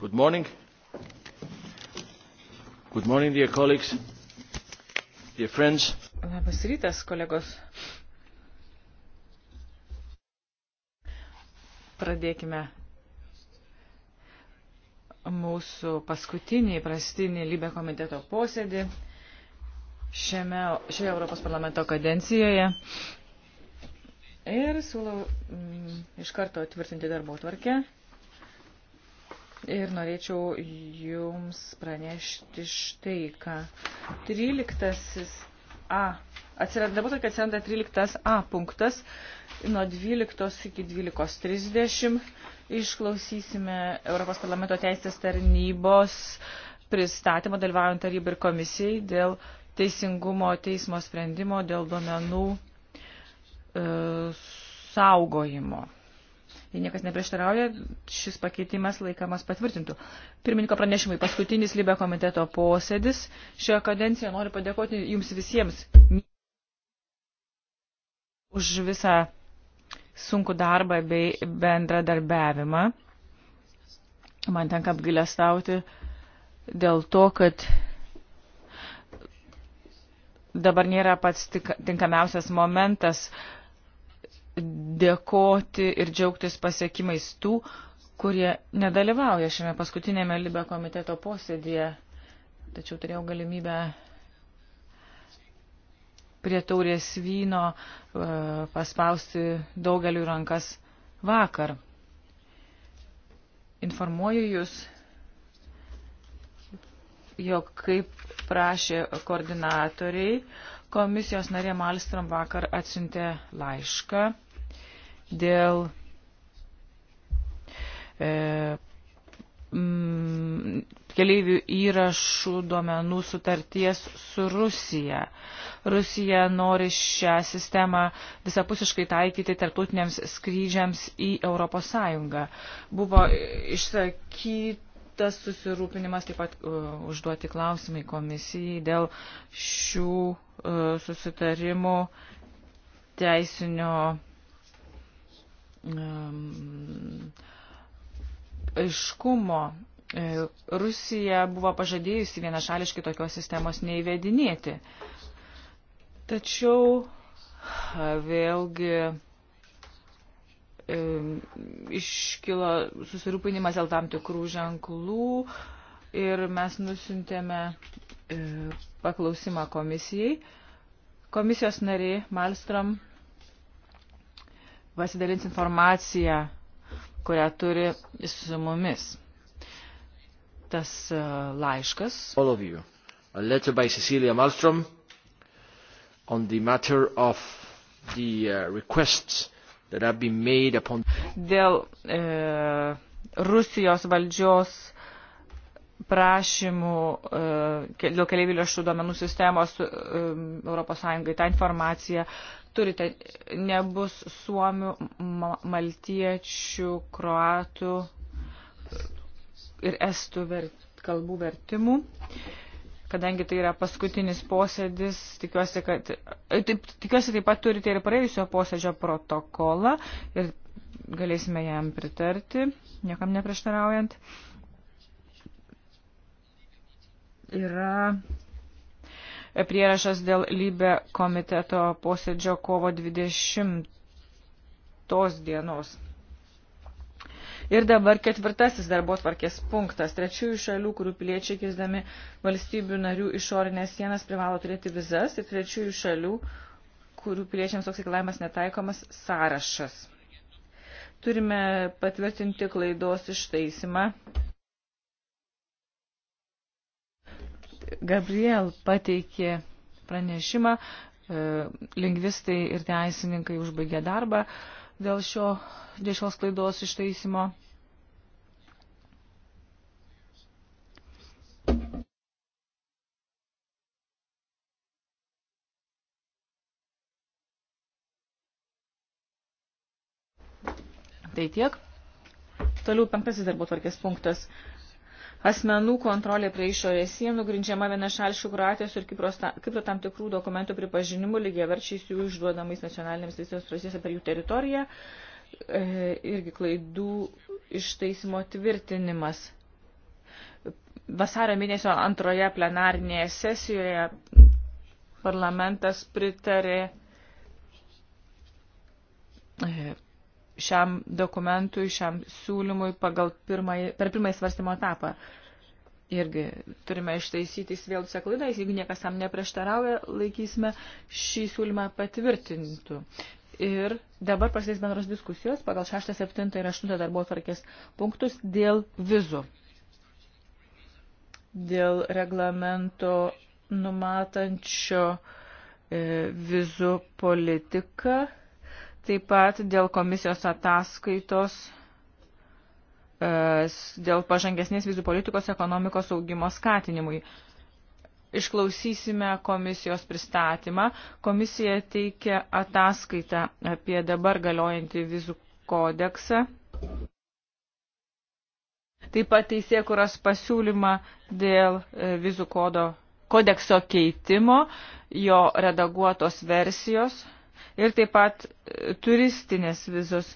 Good morning. Good morning, dear colleagues, dear friends. Labas rytas, kolegos. Pradėkime mūsų paskutinį prastinį Libė komiteto posėdį šiame, šioje Europos parlamento kadencijoje. Ir siūlau mm, iš karto tvirtinti darbo tvarkę ir norėčiau jums pranešti štai ką. 13 A. Atsiranda, dabar tokia atsiranda 13 A punktas. Nuo 12 iki 12.30 išklausysime Europos parlamento teisės tarnybos pristatymą dalyvaujant tarybai ir komisijai dėl teisingumo teismo sprendimo dėl duomenų e, saugojimo jei niekas neprieštarauja, šis pakeitimas laikamas patvirtintų. Pirmininko pranešimai paskutinis Libė komiteto posėdis. Šioje kadencijoje noriu padėkoti jums visiems už visą sunku darbą bei bendradarbiavimą. Man tenka apgailestauti dėl to, kad dabar nėra pats tinkamiausias momentas dėkoti ir džiaugtis pasiekimais tų, kurie nedalyvauja šiame paskutinėme Libe komiteto posėdėje. Tačiau turėjau galimybę prie taurės vyno e, paspausti daugeliu rankas vakar. Informuoju Jūs, jog kaip prašė koordinatoriai, komisijos narė Malstrom vakar atsintė laišką dėl e, m, mm, keleivių įrašų duomenų sutarties su Rusija. Rusija nori šią sistemą visapusiškai taikyti tarptautiniams skrydžiams į Europos Sąjungą. Buvo išsakytas susirūpinimas taip pat uh, užduoti klausimai komisijai dėl šių uh, susitarimų teisinio aiškumo. E, Rusija buvo pažadėjusi vienašališkai tokios sistemos neįvedinėti. Tačiau e, vėlgi e, iškilo susirūpinimas dėl tam tikrų ženklų ir mes nusintėme paklausimą komisijai. Komisijos nariai Malstrom pasidalins informaciją, kurią turi su mumis. Tas e, laiškas. All of you. A letter by Cecilia Malmström on the matter of the uh, requests that have been made upon. Dėl e, Rusijos valdžios prašymų e, dėl keleivių lėšų duomenų sistemos ES tą informaciją turite, nebus suomių, maltiečių, kroatų ir estų vert, kalbų vertimų. Kadangi tai yra paskutinis posėdis, tikiuosi, kad, e, taip, tikiuosi taip pat turite ir praėjusio posėdžio protokolą ir galėsime jam pritarti, niekam neprieštaraujant. Yra prierašas dėl Lybe komiteto posėdžio kovo 20 dienos. Ir dabar ketvirtasis darbo tvarkės punktas. Trečiųjų šalių, kurių piliečiai kirsdami valstybių narių išorinės sienas privalo turėti vizas ir trečiųjų šalių, kurių piliečiams toks reikalavimas netaikomas sąrašas. Turime patvirtinti klaidos ištaisimą Gabriel pateikė pranešimą, e, lingvistai ir teisininkai užbaigė darbą dėl, šio, dėl šios klaidos išteisimo. Tai tiek. Toliau penktasis darbo tvarkės punktas asmenų kontrolė prie išorės sienų grindžiama vienašališkų Kroatijos ir Kipro tam tikrų dokumentų pripažinimu lygiaverčiais jų išduodamais nacionalinėms teisėms procese per jų teritoriją e, irgi klaidų ištaisimo tvirtinimas. Vasario mėnesio antroje plenarinėje sesijoje parlamentas pritarė e, šiam dokumentui, šiam siūlymui pagal pirmąjį, per pirmąjį svarstymo etapą. Irgi turime ištaisyti svėlusią klaidą, jeigu niekas tam neprieštarauja, laikysime šį siūlymą patvirtintų. Ir dabar prasidės bendros diskusijos pagal 6, 7 ir 8 darbo tvarkės punktus dėl vizų. Dėl reglamento numatančio e, vizų politiką Taip pat dėl komisijos ataskaitos, e, dėl pažangesnės vizų politikos ekonomikos augimo skatinimui. Išklausysime komisijos pristatymą. Komisija teikia ataskaitą apie dabar galiojantį vizų kodeksą. Taip pat teisėkuros pasiūlymą dėl e, vizų kodo kodekso keitimo, jo redaguotos versijos ir taip pat e, turistinės vizos.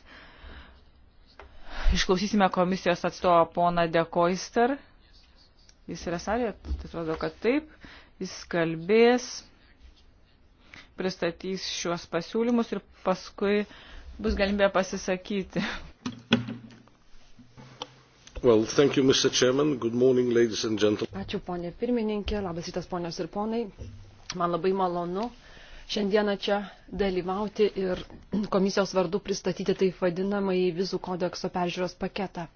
Išklausysime komisijos atstovą poną Dekoister. Jis yra salėje, tai atrodo, kad taip. Jis kalbės, pristatys šiuos pasiūlymus ir paskui bus galimybė pasisakyti. Well, thank you, Mr. Chairman. Good morning, ladies and gentlemen. Ačiū, ponė pirmininkė. Labas rytas, ponios ir ponai. Man labai malonu uh, šiandieną čia dalyvauti ir komisijos vardu pristatyti taip vadinamąjį vizų kodekso peržiūros paketą.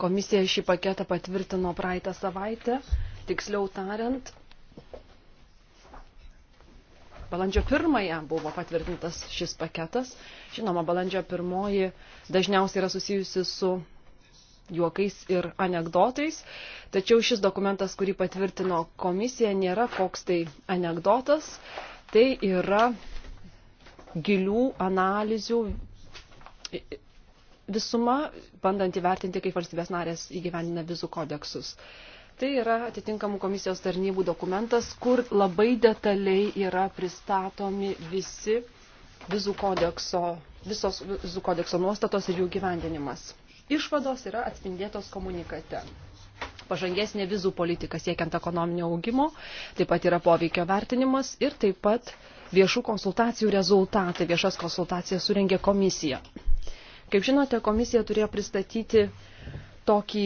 Komisija šį paketą patvirtino praeitą savaitę, tiksliau tariant, balandžio pirmąją buvo patvirtintas šis paketas. Žinoma, balandžio pirmoji dažniausiai yra susijusi su juokais ir anegdotais. Tačiau šis dokumentas, kurį patvirtino komisija, nėra koks tai anegdotas. Tai yra gilių analizių visuma, bandant įvertinti, kaip valstybės narės įgyvendina vizų kodeksus. Tai yra atitinkamų komisijos tarnybų dokumentas, kur labai detaliai yra pristatomi visi vizų kodekso, visos vizų kodekso nuostatos ir jų gyvendinimas. Išvados yra atspindėtos komunikate. Pažangesnė vizų politika siekiant ekonominio augimo, taip pat yra poveikio vertinimas ir taip pat viešų konsultacijų rezultatai, viešas konsultacijas surengė komisija. Kaip žinote, komisija turėjo pristatyti tokį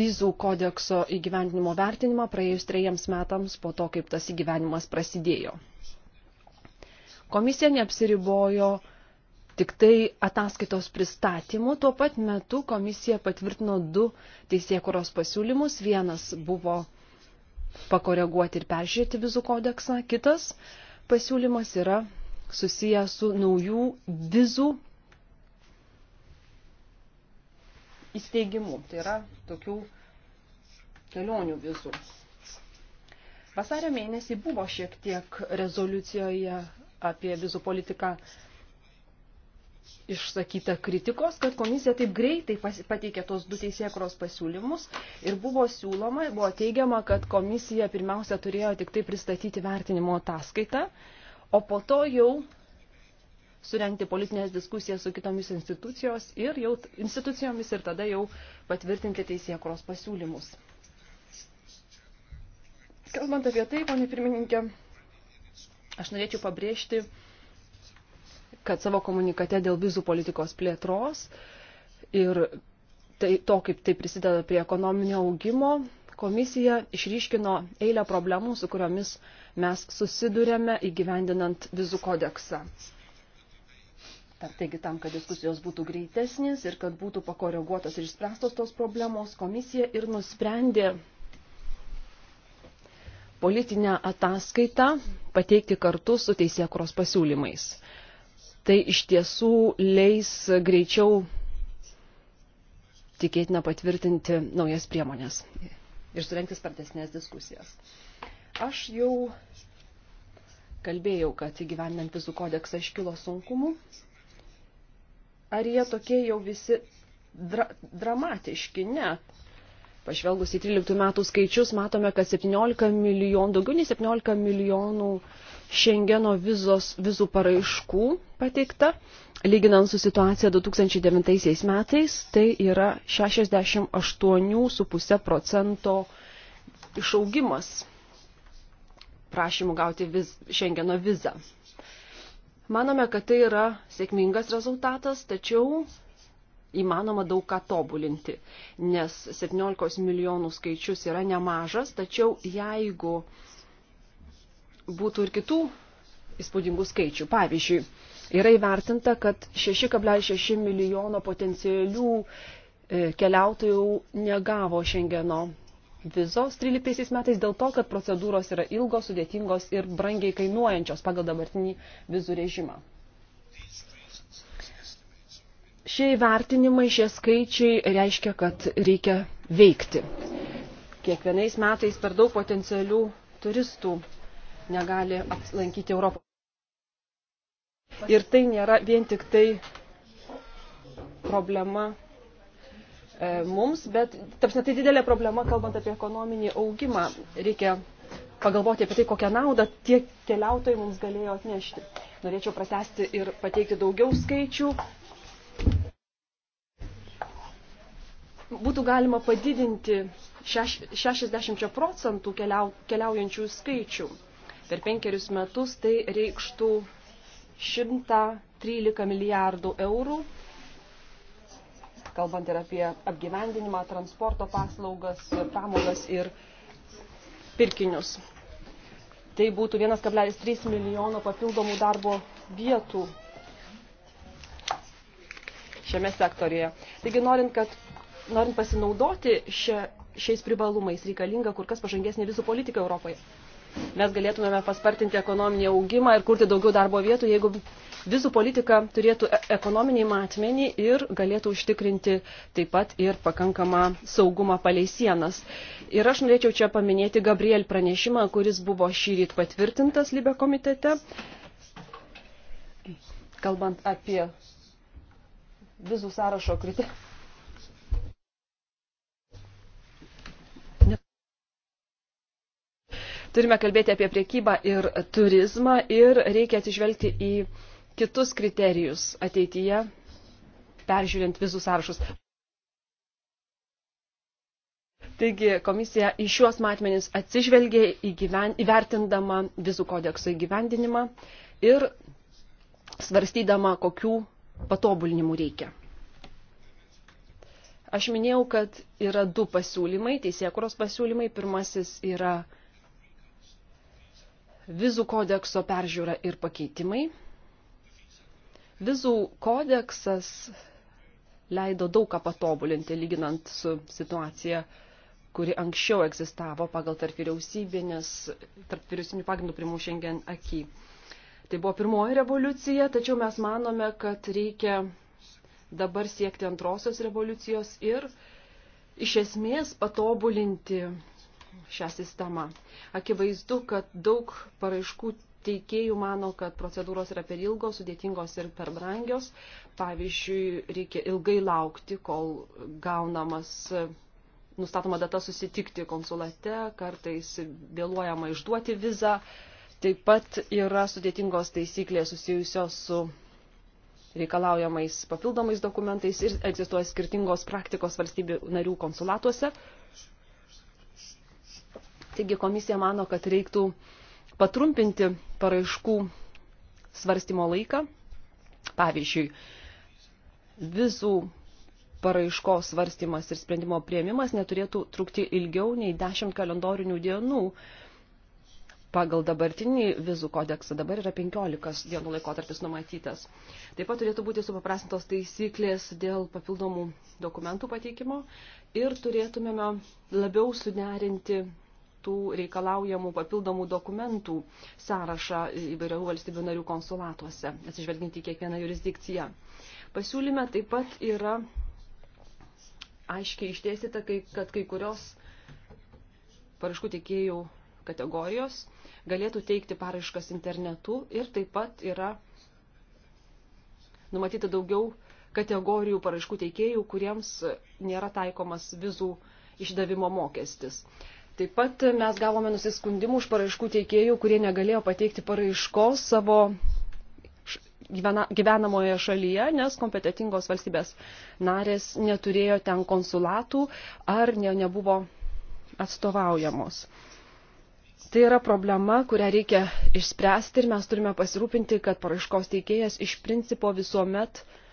vizų kodekso įgyvendinimo vertinimą praėjus trejiems metams po to, kaip tas įgyvenimas prasidėjo. Komisija neapsiribojo Tik tai ataskaitos pristatymu tuo pat metu komisija patvirtino du teisėkuros pasiūlymus. Vienas buvo pakoreguoti ir peržiūrėti vizų kodeksą, kitas pasiūlymas yra susijęs su naujų vizų įsteigimu. Tai yra tokių kelionių vizų. Vasario mėnesį buvo šiek tiek rezoliucijoje apie vizų politiką išsakyta kritikos, kad komisija taip greitai pateikė tos du teisėkros pasiūlymus ir buvo siūloma, buvo teigiama, kad komisija pirmiausia turėjo tik tai pristatyti vertinimo ataskaitą, o po to jau surengti politinės diskusijas su kitomis institucijos ir jau, institucijomis ir tada jau patvirtinti teisėkros pasiūlymus. Kalbant apie tai, ponė pirmininkė, aš norėčiau pabrėžti, kad savo komunikate dėl vizų politikos plėtros ir tai, to, kaip tai prisideda prie ekonominio augimo, komisija išryškino eilę problemų, su kuriomis mes susidurėme įgyvendinant vizų kodeksą. Taigi tam, kad diskusijos būtų greitesnės ir kad būtų pakoreguotos ir išspręstos tos problemos, komisija ir nusprendė politinę ataskaitą pateikti kartu su teisėkuros pasiūlymais tai iš tiesų leis greičiau tikėtina patvirtinti naujas priemonės ir surenkti spartesnės diskusijas. Aš jau kalbėjau, kad įgyvendinant vizų kodeksą iškilo sunkumų. Ar jie tokie jau visi dra dramatiški? Ne. Pažvelgus į 13 metų skaičius, matome, kad 17 milijonų, daugiau nei 17 milijonų Šengeno vizos, vizų paraiškų pateikta, lyginant su situacija 2009 metais, tai yra 68,5 procento išaugimas prašymų gauti viz, Šengeno vizą. Manome, kad tai yra sėkmingas rezultatas, tačiau įmanoma daug ką tobulinti, nes 17 milijonų skaičius yra nemažas, tačiau jeigu uh, būtų ir kitų įspūdingų skaičių. Pavyzdžiui, yra įvertinta, kad 6,6 milijono potencialių e, keliautojų negavo Šengeno vizos 13 metais dėl to, kad procedūros yra ilgos, sudėtingos ir brangiai kainuojančios pagal dabartinį vizų režimą. Šie įvertinimai, šie skaičiai reiškia, kad reikia veikti. Kiekvienais metais per daug potencialių turistų negali apsilankyti Europos. Ir tai nėra vien tik tai problema e, mums, bet tapsne, tai didelė problema, kalbant apie ekonominį augimą. Reikia pagalvoti apie tai, kokią naudą tie keliautojai mums galėjo atnešti. Norėčiau pratesti ir pateikti daugiau skaičių. Būtų galima padidinti 60 procentų keliau, keliaujančių skaičių per penkerius metus tai reikštų 113 milijardų eurų, kalbant ir apie apgyvendinimą, transporto paslaugas, pramogas ir pirkinius. Tai būtų 1,3 milijono papildomų darbo vietų šiame sektorėje. Taigi, norint, kad, norint pasinaudoti šia, šiais privalumais, reikalinga kur kas pažangesnė visų politika Europoje mes galėtumėme paspartinti ekonominį augimą ir kurti daugiau darbo vietų, jeigu vizų politika turėtų e- ekonominį matmenį ir galėtų užtikrinti taip pat ir pakankamą saugumą palei sienas. Ir aš norėčiau čia paminėti Gabriel pranešimą, kuris buvo šįryt patvirtintas Libe komitete, kalbant apie vizų sąrašo kriterijus Turime kalbėti apie priekybą ir turizmą ir reikia atsižvelgti į kitus kriterijus ateityje, peržiūrint visus sąrašus. Taigi komisija į šiuos matmenis atsižvelgė įgyven, įvertindama vizų kodekso įgyvendinimą ir svarstydama, kokių patobulinimų reikia. Aš minėjau, kad yra du pasiūlymai, teisėkuros pasiūlymai. Pirmasis yra vizų kodekso peržiūra ir pakeitimai. Vizų kodeksas leido daug ką patobulinti, lyginant su situacija, kuri anksčiau egzistavo pagal tarp vyriausybinės, tarp vyriausybinių pagrindų primų šiandien akį. Tai buvo pirmoji revoliucija, tačiau mes manome, kad reikia dabar siekti antrosios revoliucijos ir iš esmės patobulinti šią sistemą. Akivaizdu, kad daug paraiškų teikėjų mano, kad procedūros yra per ilgos, sudėtingos ir per brangios. Pavyzdžiui, reikia ilgai laukti, kol gaunamas nustatoma data susitikti konsulate, kartais vėluojama išduoti vizą. Taip pat yra sudėtingos taisyklės susijusios su reikalaujamais papildomais dokumentais ir egzistuoja skirtingos praktikos valstybių narių konsulatuose. Taigi komisija mano, kad reiktų patrumpinti paraiškų svarstymo laiką. Pavyzdžiui, vizų paraiškos svarstymas ir sprendimo prieimimas neturėtų trukti ilgiau nei 10 kalendorinių dienų. Pagal dabartinį vizų kodeksą dabar yra 15 dienų laikotarpis numatytas. Taip pat turėtų būti supaprastintos taisyklės dėl papildomų dokumentų pateikimo ir turėtumėme labiau suderinti tų reikalaujamų papildomų dokumentų sąrašą įvairių valstybių narių konsulatuose, atsižvelginti į kiekvieną jurisdikciją. Pasiūlyme taip pat yra aiškiai išdėstyta, kad kai kurios paraiškų teikėjų kategorijos galėtų teikti paraiškas internetu ir taip pat yra numatyti daugiau kategorijų paraiškų teikėjų, kuriems nėra taikomas vizų išdavimo mokestis. Taip pat mes gavome nusiskundimų iš paraiškų teikėjų, kurie negalėjo pateikti paraiškos savo gyvena, gyvenamoje šalyje, nes kompetitingos valstybės narės neturėjo ten konsulatų ar ne, nebuvo atstovaujamos. Tai yra problema, kurią reikia išspręsti ir mes turime pasirūpinti, kad paraiškos teikėjas iš principo visuomet uh,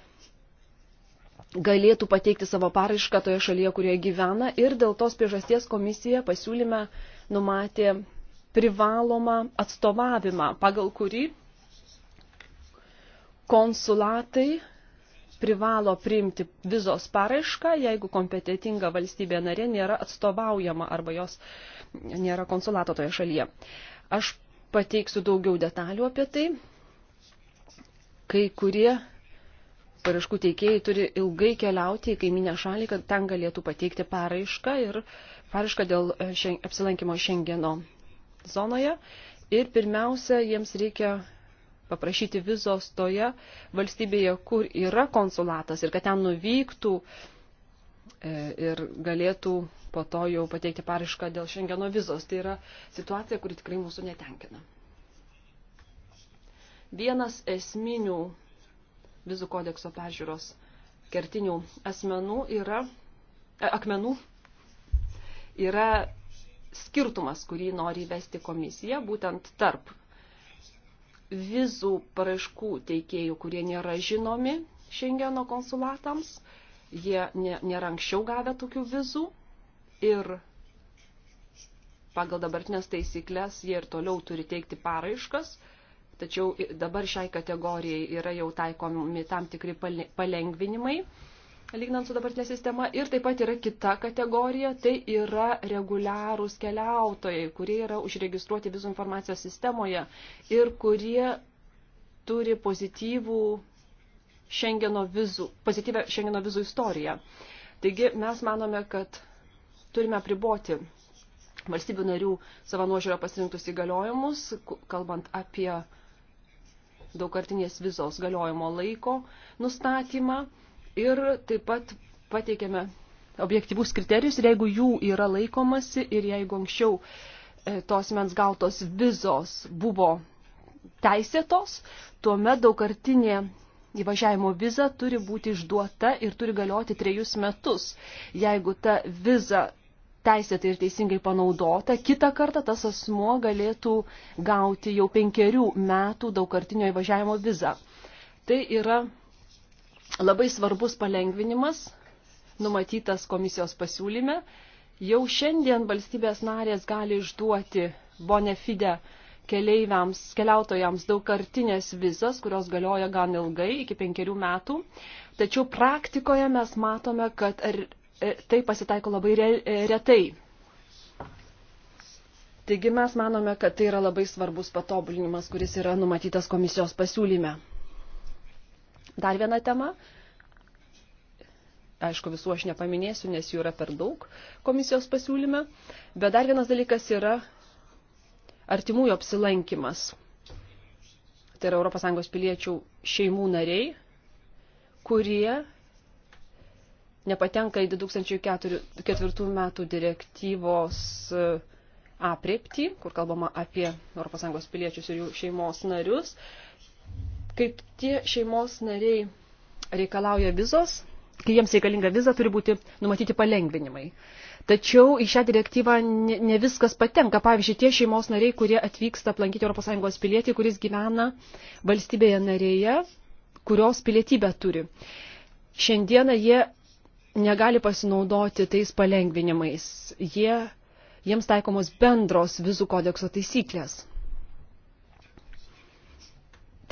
galėtų pateikti savo paraišką toje šalyje, kurioje gyvena ir dėl tos priežasties komisija pasiūlyme numatė privalomą atstovavimą, pagal kurį konsulatai privalo priimti vizos paraišką, jeigu kompetitinga valstybė narė nėra atstovaujama arba jos nėra konsulato toje šalyje. Aš pateiksiu daugiau detalių apie tai. Kai kurie paraiškų teikėjai turi ilgai keliauti į kaiminę šalį, kad ten galėtų pateikti paraišką ir paraišką dėl e, šen, apsilankimo Šengeno zonoje. Ir pirmiausia, jiems reikia paprašyti vizos toje valstybėje, kur yra konsulatas ir kad ten nuvyktų e, ir galėtų po to jau pateikti paraišką dėl Šengeno vizos. Tai yra situacija, kuri tikrai mūsų netenkina. Vienas esminių vizų kodekso peržiūros kertinių asmenų yra, e, akmenų yra skirtumas, kurį nori įvesti komisija, būtent tarp vizų paraiškų teikėjų, kurie nėra žinomi Šengeno konsulatams, jie nėra anksčiau gavę tokių vizų ir pagal dabartinės taisyklės jie ir toliau turi teikti paraiškas, Tačiau dabar šiai kategorijai yra jau taikomi tam tikri palengvinimai, lygnant su dabartinė sistema. Ir taip pat yra kita kategorija, tai yra reguliarūs keliautojai, kurie yra užregistruoti vizų informacijos sistemoje ir kurie turi pozityvų šengeno vizų, pozityvę šengeno vizų istoriją. Taigi mes manome, kad turime priboti valstybių narių savo nuožiūrą pasirinktus įgaliojimus, kalbant apie daugkartinės vizos galiojimo laiko nustatymą ir taip pat pateikėme objektyvus kriterijus ir jeigu jų yra laikomasi ir jeigu anksčiau e, tos mens gautos vizos buvo teisėtos, tuomet daugkartinė įvažiavimo viza turi būti išduota ir turi galioti trejus metus. Jeigu ta viza teisėtai ir teisingai panaudota, kitą kartą tas asmuo galėtų gauti jau penkerių metų daugkartinio įvažiavimo vizą. Tai yra labai svarbus palengvinimas, numatytas komisijos pasiūlyme. Jau šiandien valstybės narės gali išduoti bonefide keleiviams, keliautojams daugkartinės vizas, kurios galioja gan ilgai, iki penkerių metų. Tačiau praktikoje mes matome, kad E, tai pasitaiko labai re, e, retai. Taigi mes manome, kad tai yra labai svarbus patobulinimas, kuris yra numatytas komisijos pasiūlyme. Dar viena tema. Aišku, visų aš nepaminėsiu, nes jų yra per daug komisijos pasiūlyme. Bet dar vienas dalykas yra artimųjų apsilankimas. Tai yra ES piliečių šeimų nariai, kurie nepatenka į 2004 metų direktyvos e, apriepti, kur kalbama apie ES piliečius ir jų šeimos narius. Kai tie šeimos nariai reikalauja vizos, kai jiems reikalinga viza, turi būti numatyti palengvinimai. Tačiau į šią direktyvą ne viskas patenka. Pavyzdžiui, tie šeimos nariai, kurie atvyksta aplankyti ES pilietį, kuris gyvena valstybėje narėje, kurios pilietybę turi. Šiandieną jie negali pasinaudoti tais palengvinimais. Jie, jiems taikomos bendros vizų kodekso taisyklės.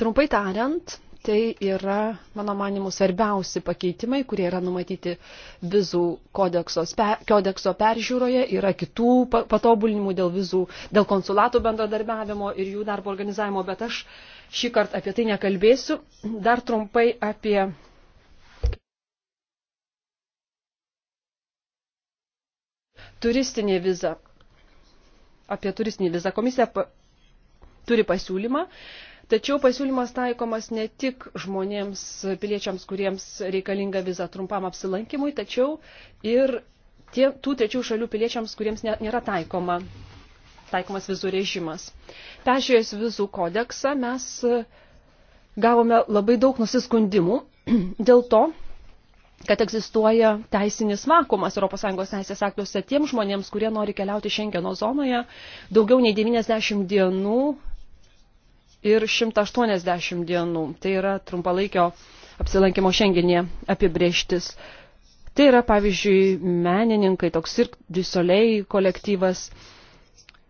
Trumpai tariant, tai yra, mano manimu, svarbiausi pakeitimai, kurie yra numatyti vizų per, kodekso peržiūroje. Yra kitų patobulinimų dėl vizų, dėl konsulatų bendradarbiavimo ir jų darbo organizavimo, bet aš šį kartą apie tai nekalbėsiu. Dar trumpai apie turistinė viza. Apie turistinį vizą komisija pa, turi pasiūlymą, tačiau pasiūlymas taikomas ne tik žmonėms, piliečiams, kuriems reikalinga viza trumpam apsilankimui, tačiau ir tie, tų trečių šalių piliečiams, kuriems nėra taikoma, taikomas vizų režimas. Peržiūrėjus vizų kodeksą mes gavome labai daug nusiskundimų dėl to, kad egzistuoja teisinis vakumas ES teisės aktuose tiem žmonėms, kurie nori keliauti Šengeno zonoje daugiau nei 90 dienų ir 180 dienų. Tai yra trumpalaikio apsilankimo Šengenė apibrieštis. Tai yra, pavyzdžiui, menininkai, toks ir disolei kolektyvas.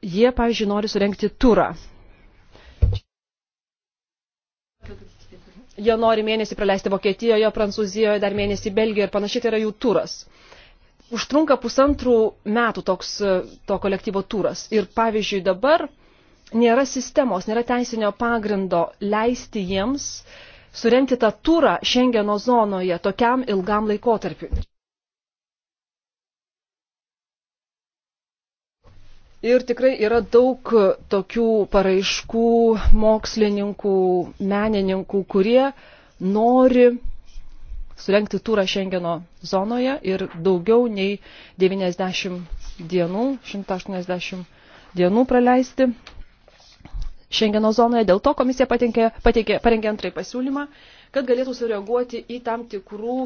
Jie, pavyzdžiui, nori surenkti turą jie nori mėnesį praleisti Vokietijoje, Prancūzijoje, dar mėnesį Belgijoje ir panašiai, tai yra jų turas. Užtrunka pusantrų metų toks to kolektyvo turas. Ir pavyzdžiui, dabar nėra sistemos, nėra teisinio pagrindo leisti jiems surenti tą turą Šengeno zonoje tokiam ilgam laikotarpiu. Ir tikrai yra daug tokių paraiškų, mokslininkų, menininkų, kurie nori sulenkti turą Šengeno zonoje ir daugiau nei 90 dienų, 180 dienų praleisti Šengeno zonoje. Dėl to komisija pateikė, pateikė, parengė antrąjį pasiūlymą kad galėtų sureaguoti į tam tikrų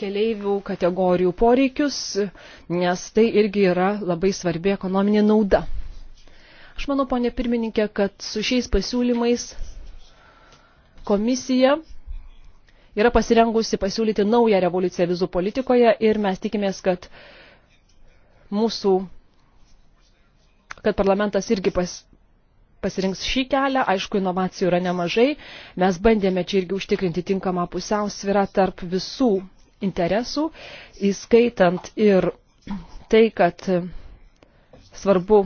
keleivių kategorijų poreikius, nes tai irgi yra labai svarbi ekonominė nauda. Aš manau, ponė pirmininkė, kad su šiais pasiūlymais komisija yra pasirengusi pasiūlyti naują revoliuciją vizų politikoje ir mes tikimės, kad mūsų kad parlamentas irgi pas, pasirinks šį kelią, aišku, inovacijų yra nemažai, mes bandėme čia irgi užtikrinti tinkamą pusiausvyrą tarp visų interesų, įskaitant ir tai, kad svarbu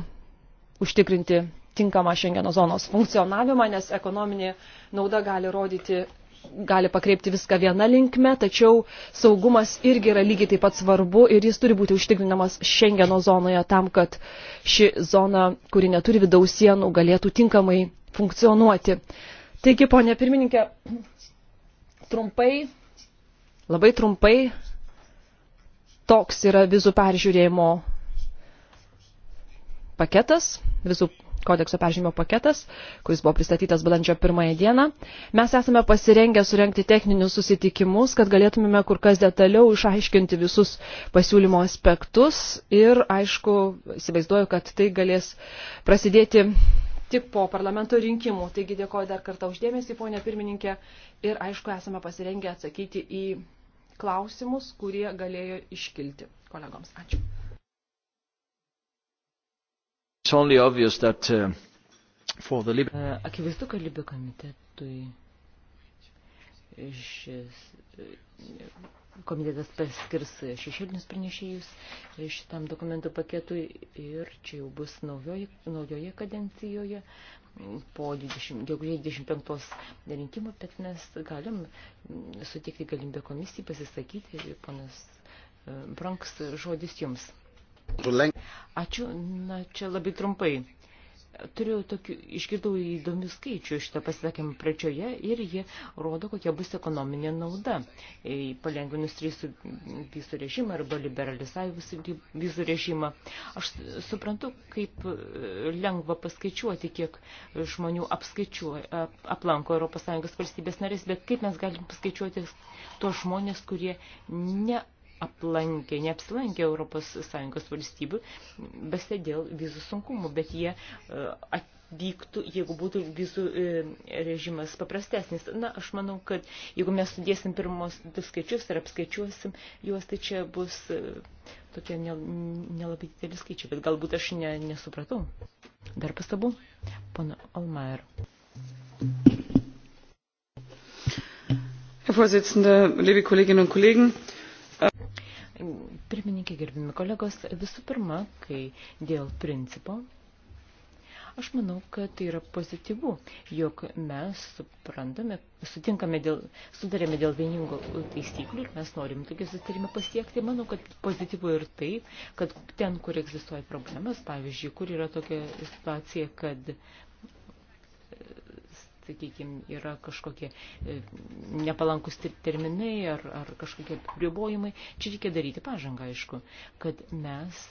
užtikrinti tinkamą Šengeno zonos funkcionavimą, nes ekonominė nauda gali rodyti gali pakreipti viską vieną linkmę, tačiau saugumas irgi yra lygiai taip pat svarbu ir jis turi būti užtikrinamas Šengeno zonoje tam, kad ši zona, kuri neturi vidaus sienų, galėtų tinkamai funkcionuoti. Taigi, ponė pirmininkė, trumpai, labai trumpai, toks yra vizų peržiūrėjimo paketas, vizų kodekso peržymio paketas, kuris buvo pristatytas balandžio pirmąją dieną. Mes esame pasirengę surenkti techninius susitikimus, kad galėtumėme kur kas detaliau išaiškinti visus pasiūlymo aspektus ir, aišku, įsivaizduoju, kad tai galės prasidėti tik po parlamento rinkimų. Taigi dėkoju dar kartą uždėmesį, ponė pirmininkė, ir, aišku, esame pasirengę atsakyti į klausimus, kurie galėjo iškilti kolegoms. Ačiū. Uh, uh, akivaizdu, kad Libio komitetui šis uh, komitetas paskirs šešėlinius pranešėjus šitam dokumentų paketui ir čia jau bus naujoje, naujoje kadencijoje po 20, gegužės 25 rinkimų, bet mes galim mm, sutikti galimybę komisijai pasisakyti ir ponas Branks žodis jums. Ačiū, na čia labai trumpai. Turiu tokių, išgirdau įdomių skaičių šitą pasisakymą pradžioje ir jie rodo, kokia bus ekonominė nauda. Palengvinus vizų režimą arba liberalizavus vizų režimą. Aš suprantu, kaip lengva paskaičiuoti, kiek žmonių aplanko ES valstybės narės, bet kaip mes galim paskaičiuoti tos žmonės, kurie ne aplankė, neapsilankė ES valstybių, bese dėl vizų sunkumų, bet jie e, atvyktų, jeigu būtų vizų e, režimas paprastesnis. Na, aš manau, kad jeigu mes sudėsim pirmos du skaičius ir apskaičiuosim juos, tai čia bus e, tokie nelabai dideli skaičiai, bet galbūt aš ne, nesupratau. Dar pastabų? Pana Olmaer. Herr Vorsitzender, liebe Kolleginnen und Kollegen! Pirmininkė, gerbimi kolegos, visų pirma, kai dėl principo, aš manau, kad tai yra pozityvu, jog mes suprantame, sutinkame dėl, sudarėme dėl vieningų taisyklių ir mes norim tokį susitarimą pasiekti. Manau, kad pozityvu ir tai, kad ten, kur egzistuoja problemas, pavyzdžiui, kur yra tokia situacija, kad sakykime, yra kažkokie e, nepalankus terminai ar, ar kažkokie pribojimai, čia reikia daryti pažangą, aišku, kad mes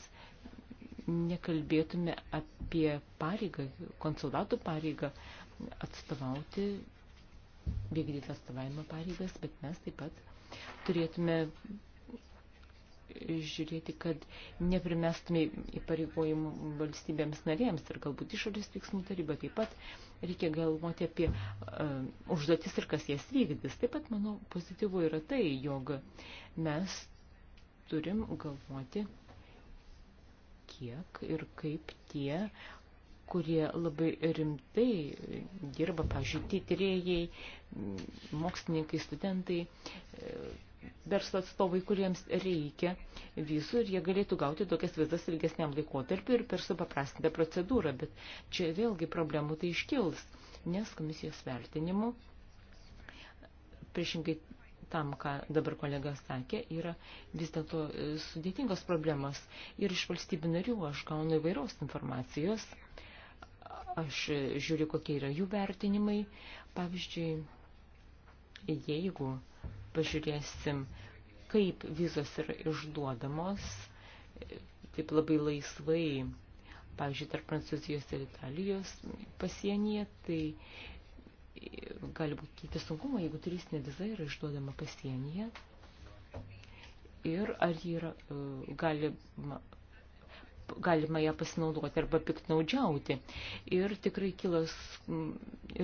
nekalbėtume apie pareigą, konsulatų pareigą atstovauti, vykdyti atstovavimo pareigas, bet mes taip pat turėtume žiūrėti, kad neprimestume įpareigojimų valstybėms narėms ir galbūt išorės veiksmų taryba taip pat reikia galvoti apie uh, užduotis ir kas jas vykdys. Taip pat, manau, pozityvu yra tai, jog mes turim galvoti, kiek ir kaip tie, kurie labai rimtai dirba, pažiūrėjai, tyrėjai, mokslininkai, studentai, uh, verslo atstovai, kuriems reikia vizų ir jie galėtų gauti tokias vizas ilgesniam laikotarpiu ir per supaprastintą procedūrą, bet čia vėlgi problemų tai iškils, nes komisijos vertinimu, priešingai tam, ką dabar kolega sakė, yra vis dėlto e, sudėtingos problemas ir iš valstybių narių aš gaunu įvairios informacijos, aš e, žiūriu, kokie yra jų vertinimai, pavyzdžiui, jeigu pažiūrėsim, kaip vizos yra išduodamos, taip labai laisvai, pavyzdžiui, tarp Prancūzijos ir Italijos pasienyje, tai gali būti kiti sunkumai, jeigu turistinė viza yra išduodama pasienyje. Ir ar ji yra, e, gali galima ją pasinaudoti arba piktnaudžiauti. Ir tikrai kilas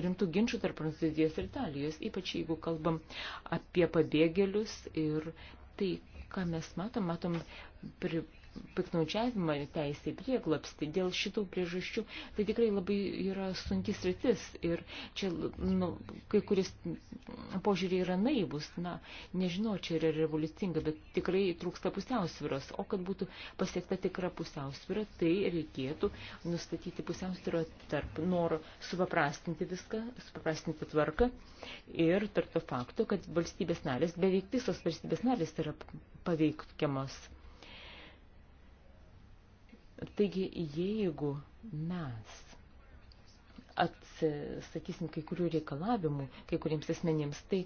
rimtų ginčių tarp Prancūzijos ir Italijos, ypač jeigu kalbam apie pabėgėlius ir tai, ką mes matom, matom pri, piknaučiavimą teisę į prieglapstį. Dėl šitų priežasčių tai tikrai labai yra sunkis rytis ir čia nu, kai kuris požiūrė yra naivus. Na, nežinau, čia yra revoliucinga, bet tikrai trūksta pusiausviros. O kad būtų pasiekta tikra pusiausvira, tai reikėtų nustatyti pusiausvirą tarp noro supaprastinti viską, supaprastinti tvarką ir tarp to fakto, kad valstybės narės, beveik visos valstybės narės yra paveikiamos Taigi, jeigu mes atsakysim kai kurių reikalavimų, kai kuriems asmenėms, tai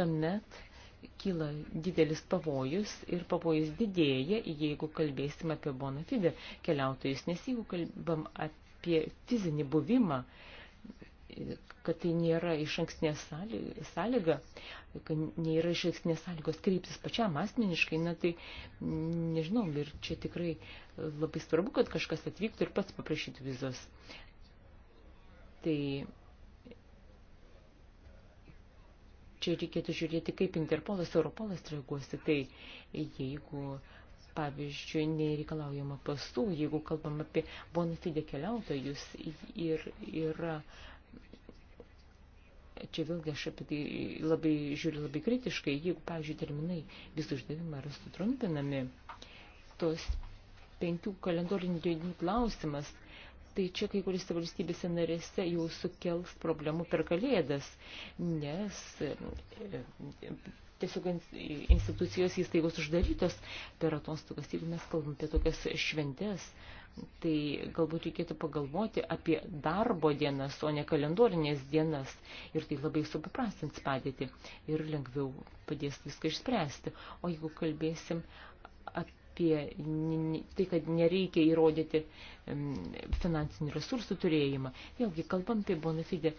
tuomet kyla didelis pavojus ir pavojus didėja, jeigu kalbėsim apie bona fide keliautojus, nes jeigu kalbam apie fizinį buvimą, kad tai nėra iš ankstinė sąlyga, kad nėra iš ankstinės sąlygos kreiptis pačiam asmeniškai, na tai nežinau, ir čia tikrai labai svarbu, kad kažkas atvyktų ir pats paprašytų vizos. Tai čia reikėtų žiūrėti, kaip Interpolas, Europolas reaguosi, tai jeigu pavyzdžiui, nereikalaujama pasų, jeigu kalbam apie bonafide keliautojus ir yra Čia vėlgi aš apie tai labai žiūriu labai kritiškai. Jeigu, pavyzdžiui, terminai visų uždavimą yra sutrumpinami, tos penkių kalendorinių dienų klausimas, tai čia kai kuriuose valstybėse narėse jau sukels problemų per kalėdas, nes e, tiesiog institucijos įstaigos uždarytos per atostogas, jeigu mes kalbam apie tokias šventes, tai galbūt reikėtų pagalvoti apie darbo dienas, o ne kalendorinės dienas. Ir tai labai supaprastins padėtį ir lengviau padės viską išspręsti. O jeigu kalbėsim apie tai, kad nereikia įrodyti finansinių resursų turėjimą, vėlgi kalbam apie bonafide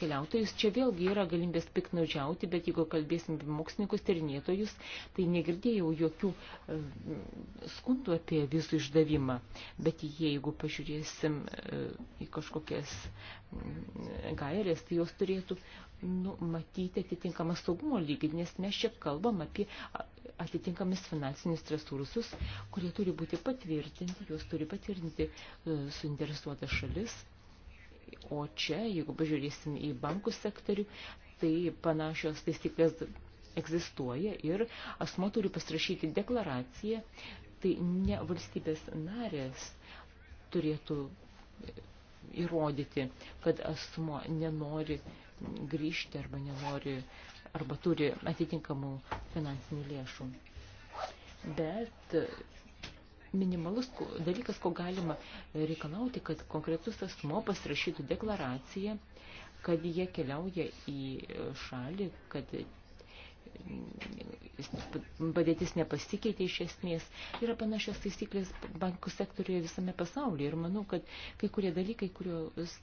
keliautojus, čia vėlgi yra galimybės piknaudžiauti, bet jeigu kalbėsim apie mokslininkus, tyrinėtojus, tai negirdėjau jokių e, skundų apie vizų išdavimą. Bet jeigu pažiūrėsim e, į kažkokias gairės, tai jos turėtų numatyti atitinkamą saugumo lygį, nes mes čia kalbam apie atitinkamis finansinius resursus, kurie turi būti patvirtinti, juos turi patvirtinti e, suinteresuotas šalis O čia, jeigu pažiūrėsim į bankų sektorių, tai panašios taisyklės egzistuoja ir asmo turi pasirašyti deklaraciją, tai ne valstybės narės turėtų įrodyti, kad asmo nenori grįžti arba nenori arba turi atitinkamų finansinių lėšų. Bet minimalus dalykas, ko galima reikalauti, kad konkretus asmo pasirašytų deklaraciją, kad jie keliauja į šalį, kad mm, padėtis nepasikeitė iš esmės. Yra panašios taisyklės bankų sektoriuje visame pasaulyje ir manau, kad kai kurie dalykai, kuriuos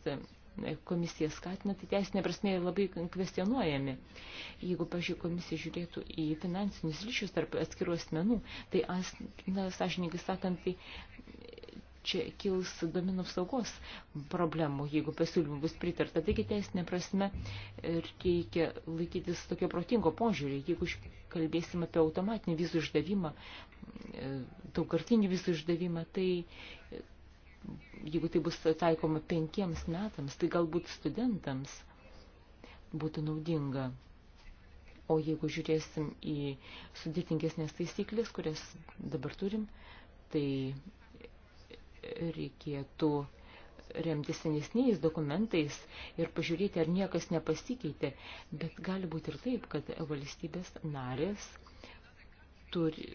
komisija skatina, tai teisinė prasme labai kvestionuojami. Jeigu, pažiūrėjau, komisija žiūrėtų į finansinius ryšius tarp atskirų asmenų, tai, as, na, sąžininkai sakant, tai čia kils domino apsaugos problemų, jeigu pasiūlymų bus pritarta. Taigi teisinė prasme reikia laikytis tokio protingo požiūrį. Jeigu kalbėsim apie automatinį vizų išdavimą, e, daugkartinį vizų išdavimą, tai jeigu tai bus taikoma penkiems metams, tai galbūt studentams būtų naudinga. O jeigu žiūrėsim į sudėtingesnės taisyklės, kurias dabar turim, tai reikėtų remtis senesniais dokumentais ir pažiūrėti, ar niekas nepasikeitė. Bet gali būti ir taip, kad valstybės narės turi,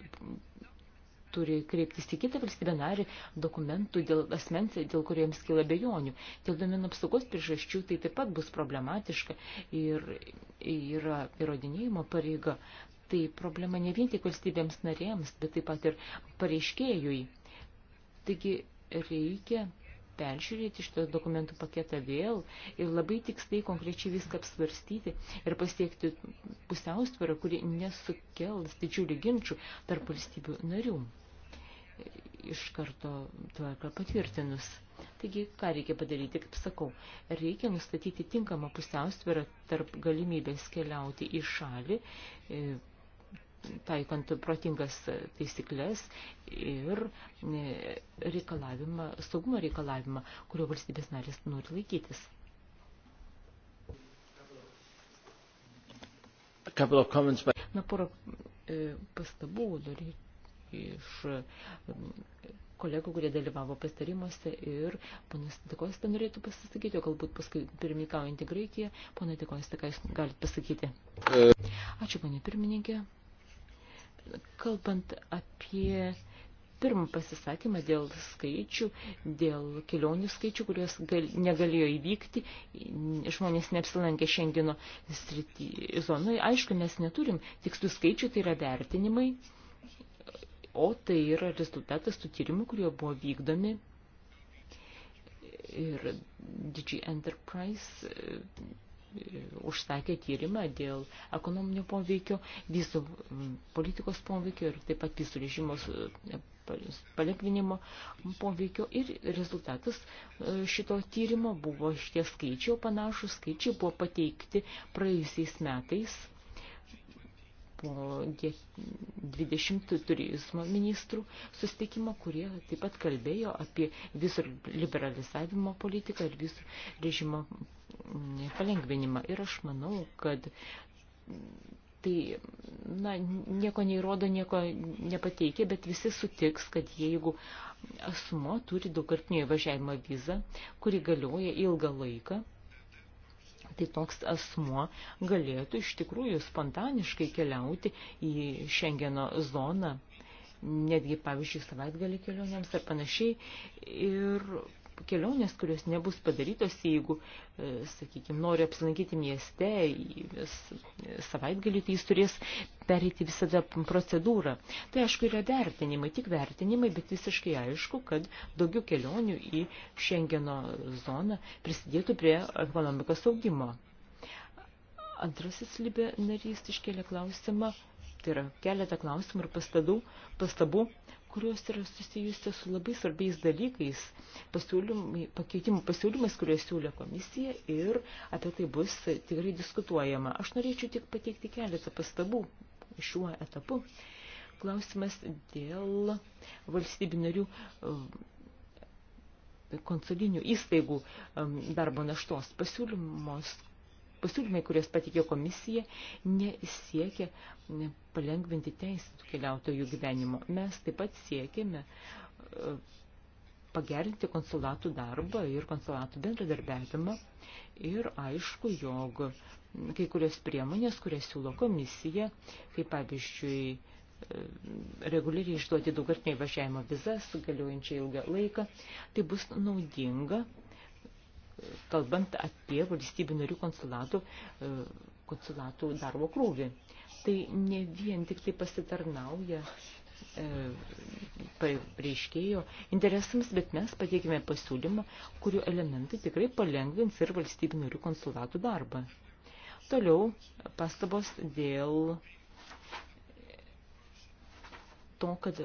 turi kreiptis į kitą valstybę narį dokumentų dėl asmens, dėl kuriems kyla bejonių. Dėl domenų apsaugos priežasčių tai taip pat bus problematiška ir yra įrodinėjimo pareiga. Tai problema ne vien tik valstybėms narėms, bet taip pat ir pareiškėjui. Taigi reikia peržiūrėti šitą dokumentų paketą vėl ir labai tiksliai konkrečiai viską apsvarstyti ir pasiekti pusiausvyrą, kuri nesukels didžiulių ginčių tarp valstybių narių. Iš karto tvarką patvirtinus. Taigi, ką reikia padaryti, kaip sakau, reikia nustatyti tinkamą pusiausvyrą tarp galimybės keliauti į šalį, e, taikant protingas taisyklės ir e, reikalavimą, saugumo reikalavimą, kurio valstybės narės nori laikytis. Na, porą e, pastabų dar iš e, kolegų, kurie dalyvavo pastarimuose ir ponas Dikosta norėtų pasisakyti, o galbūt paskui pirmininkaujantį Graikiją. Pone Dikosta, ką jūs galite pasakyti? E- Ačiū, ponė pirmininkė. Kalbant apie pirmą pasisakymą dėl skaičių, dėl kelionių skaičių, kurios gal, negalėjo įvykti, žmonės neapsilankė Šengino zonoje. Aišku, mes neturim tikslių skaičių, tai yra vertinimai, o tai yra rezultatas tų tyrimų, kurie buvo vykdomi. Ir Digi Enterprise e, e, užsakė tyrimą dėl ekonominio poveikio, visų politikos poveikio ir taip pat visų režimos palengvinimo poveikio ir rezultatas e, šito tyrimo buvo šitie skaičiai, panašus skaičiai buvo pateikti praėjusiais metais po 20 turizmo ministrų sustikimo, kurie taip pat kalbėjo apie visų liberalizavimo politiką ir visų režimo mm, palengvinimą. Ir aš manau, kad Tai, na, nieko neįrodo, nieko nepateikia, bet visi sutiks, kad jeigu asmo turi daugkartinio įvažiavimo vizą, kuri galioja ilgą laiką, tai toks asmuo galėtų iš tikrųjų spontaniškai keliauti į Šengeno zoną, netgi, pavyzdžiui, savaitgalį kelionėms ar panašiai. Ir kelionės, kurios nebus padarytos, jeigu, e, sakykime, nori apsilankyti mieste, e, savaitgalį, tai jis turės perėti visada procedūrą. Tai aišku yra vertinimai, tik vertinimai, bet visiškai aišku, kad daugiau kelionių į Šengeno zoną prisidėtų prie ekonomikos augimo. Antrasis Libė narys iškėlė klausimą, tai yra keletą klausimų ir pastadų, pastabų kurios yra susijusios su labai svarbiais dalykais, pasiūlymai, pakeitimų pasiūlymas, kuriuos siūlė komisija ir apie tai bus tikrai diskutuojama. Aš norėčiau tik pateikti keletą pastabų šiuo etapu. Klausimas dėl valstybių narių um, konsulinių įstaigų um, darbo naštos pasiūlymos, pasiūlymai, kurias patikė komisija, nesiekia palengventi teisėtų keliautojų gyvenimo. Mes taip pat siekime e, pagerinti konsulatų darbą ir konsulatų bendradarbiavimą. Ir aišku, jog kai kurios priemonės, kurias siūlo komisija, kaip pavyzdžiui, e, reguliariai išduoti daugartiniai važiavimo vizas, galiojančią ilgą laiką, tai bus naudinga, e, kalbant apie valstybių narių konsulatų, konsulatų darbo krūvį tai ne vien tik tai pasitarnauja e, pareiškėjo interesams, bet mes pateikime pasiūlymą, kurių elementai tikrai palengvins ir valstybių narių konsulatų darbą. Toliau pastabos dėl to, kad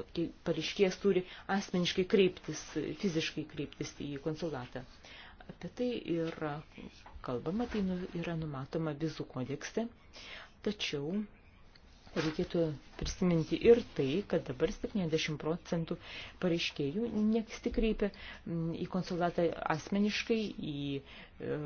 pareiškėjas turi asmeniškai kreiptis, fiziškai kreiptis į konsulatą. Apie tai yra kalbama, tai nu, yra numatoma vizų kodekste, tačiau reikėtų prisiminti ir tai, kad dabar 70 procentų pareiškėjų nekstikreipia mm, į konsulatą asmeniškai į e,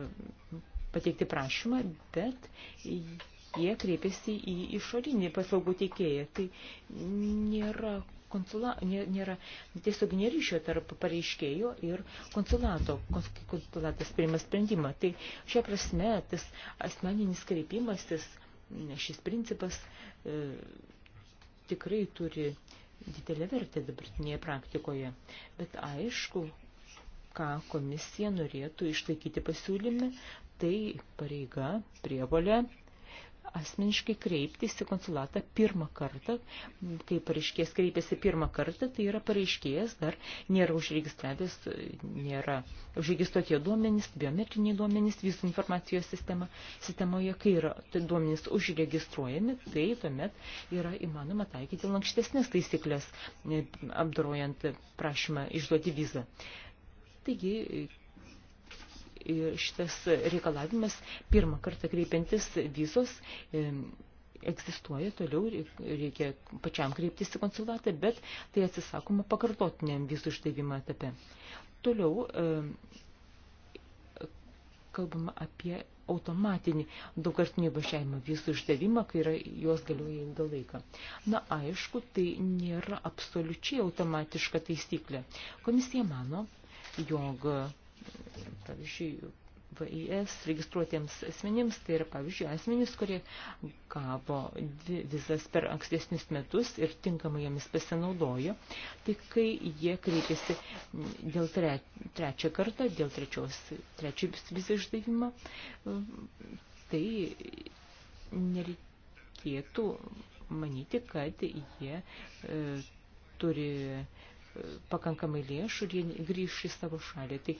pateikti prašymą, bet jie kreipiasi į išorinį paslaugų teikėją. Tai nėra konsula, nėra tiesiog neryšio tarp pareiškėjo ir konsulato, konsulatas priima sprendimą. Tai šia prasme tas asmeninis kreipimasis šis principas e, tikrai turi didelę vertę dabartinėje praktikoje. Bet aišku, ką komisija norėtų išlaikyti pasiūlyme, tai pareiga, prievolė asmeniškai kreiptis į konsulatą pirmą kartą. Kai pareiškės kreipiasi pirmą kartą, tai yra pareiškės, dar nėra užregistravęs, nėra užregistruoti duomenys, biometriniai duomenys, visų informacijos sistema, sistemoje, kai yra tai duomenys užregistruojami, tai tuomet yra įmanoma taikyti lankštesnės taisyklės, apdorojant prašymą išduoti vizą. Taigi, šitas reikalavimas pirmą kartą kreipiantis visos e, egzistuoja toliau, reikia pačiam kreiptis į konsulatą, bet tai atsisakoma pakartotiniam visų išdavimo etape. Toliau e, kalbama apie automatinį daugkartinį važiavimą visų išdavimą, kai yra jos galioja ilgą laiką. Na, aišku, tai nėra absoliučiai automatiška taisyklė. Komisija mano, jog pavyzdžiui, VIS registruotiems asmenims, tai yra, pavyzdžiui, asmenys, kurie gavo dvi vizas per ankstesnius metus ir tinkamai jomis pasinaudojo, tai kai jie kreipiasi dėl tre, trečią kartą, dėl trečios, trečios vizų išdavimo, tai nereikėtų manyti, kad jie e, turi pakankamai lėšų ir jie grįš į savo šalį. Tai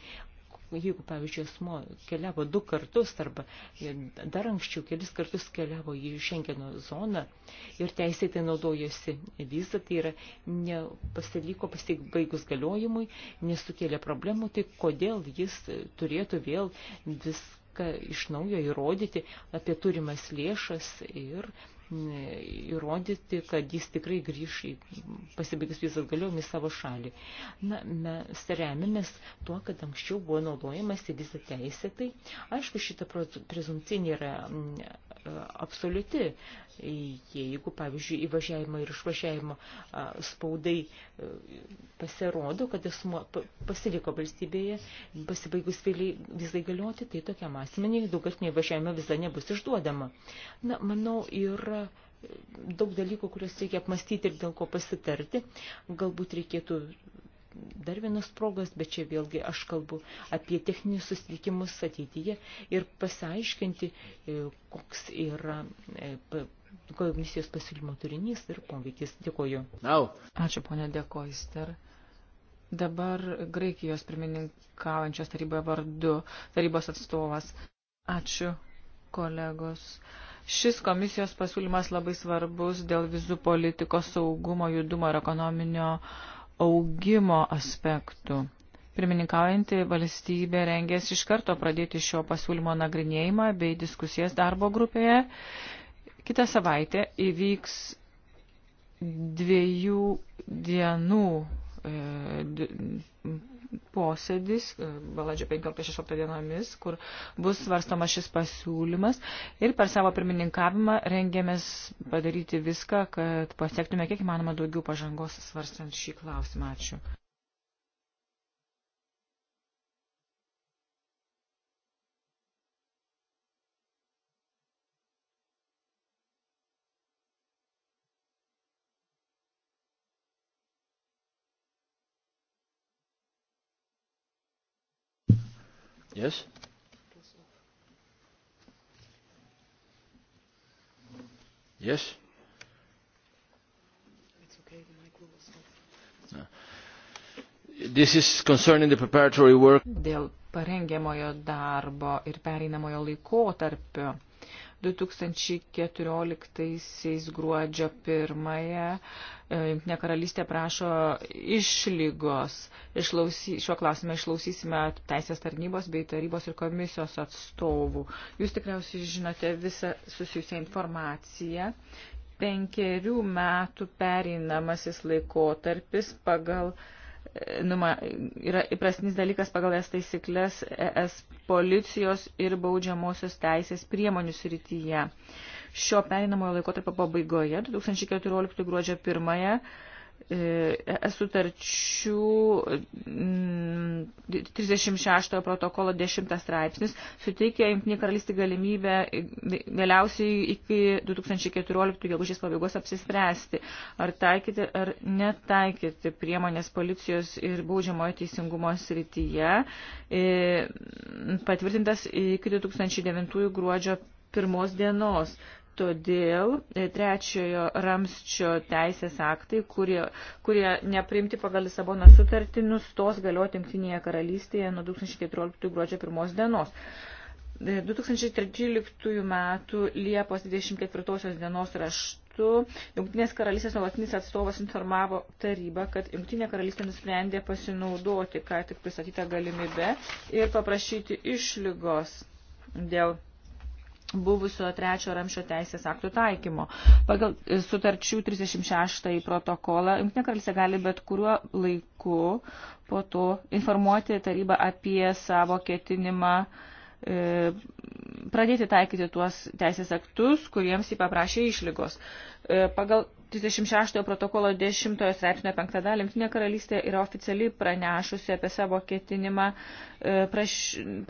jeigu, pavyzdžiui, asmo keliavo du kartus arba dar anksčiau kelis kartus keliavo į Šengeno zoną ir teisėtai naudojosi vizą, tai yra nepasiliko pasibaigus galiojimui, nesukėlė problemų, tai kodėl jis turėtų vėl viską iš naujo įrodyti apie turimas lėšas ir įrodyti, kad jis tikrai grįš į pasibaigus visas galiojom į savo šalį. Na, mes remiamės tuo, kad anksčiau buvo naudojamas į visą teisę. Tai aišku, šita prezumcija nėra E, absoliuti. E, jeigu, pavyzdžiui, įvažiavimo ir išvažiavimo e, spaudai pasirodo, kad asmo pasiliko valstybėje, pasibaigus vizai galioti, tai tokiam asmeniai daugkartinio įvažiavimo viza nebus išduodama. Na, manau, yra daug dalykų, kuriuos reikia apmastyti ir dėl ko pasitarti. Galbūt reikėtų dar vienas progas, bet čia vėlgi aš kalbu apie techninius susitikimus ateityje ir pasiaiškinti, e, koks yra e, komisijos pasiūlymo turinys ir poveikis. Dėkoju. Now. Ačiū, ponė, dėkoju, Ster. Dabar Graikijos pirmininkaujančios taryboje vardu tarybos atstovas. Ačiū, kolegos. Šis komisijos pasiūlymas labai svarbus dėl vizų politikos saugumo, judumo ir ekonominio uh, augimo aspektų. Pirmininkaujanti valstybė rengės iš karto pradėti šio pasiūlymo nagrinėjimą bei diskusijas darbo grupėje. Kita savaitė įvyks dviejų dienų e, posėdis e, balandžio 15-16 dienomis, kur bus svarstama šis pasiūlymas ir per savo pirmininkavimą rengiamės padaryti viską, kad pasiektume kiek įmanoma daugiau pažangos svarstant šį klausimą. Ačiū. Yes? Yes? It's okay, the mic will stop. No. This is concerning the preparatory work. Dėl parengiamojo darbo ir pereinamojo laikotarpio 2014 gruodžio 1 e, Junktinė karalystė prašo išlygos. Išlausy, šiuo klausimą išlausysime teisės tarnybos bei tarybos ir komisijos atstovų. Jūs tikriausiai žinote visą susijusią informaciją. Penkerių metų pereinamasis laikotarpis pagal uh, numa, yra įprastinis dalykas pagal es taisyklės es policijos ir baudžiamosios teisės priemonių srityje. Šio perinamojo laikotarpio pabaigoje, 2014 gruodžio 1 E, e, sutarčių 36 mm, protokolo 10 straipsnis suteikia Junktinė karalystė galimybę vėliausiai iki 2014 gegužės pabaigos apsispręsti, ar taikyti ar netaikyti priemonės policijos ir baudžiamojo teisingumo srityje e, patvirtintas iki 2009 gruodžio pirmos dienos. Todėl e, trečiojo ramščio teisės aktai, kurie, kurie neprimti pagal Lisabono sutartį, nustos galioti Junktinėje karalystėje nuo 2014 gruodžio 1 dienos. 2013 e, m. Liepos 24 dienos raštu Junktinės karalystės nuolatinis atstovas informavo tarybą, kad Junktinė karalystė nusprendė pasinaudoti ką tik pristatytą galimybę ir paprašyti išlygos dėl buvusio trečio ramšio teisės aktų taikymo. Pagal e, sutarčių 36 protokolą Junktinė karalystė gali bet kuriuo laiku po to informuoti tarybą apie savo ketinimą e, pradėti taikyti tuos teisės aktus, kuriems jį paprašė išlygos. E, pagal 36 protokolo 10 straipsnio 5 dalį Junktinė karalystė yra oficialiai pranešusi apie savo ketinimą e, praš,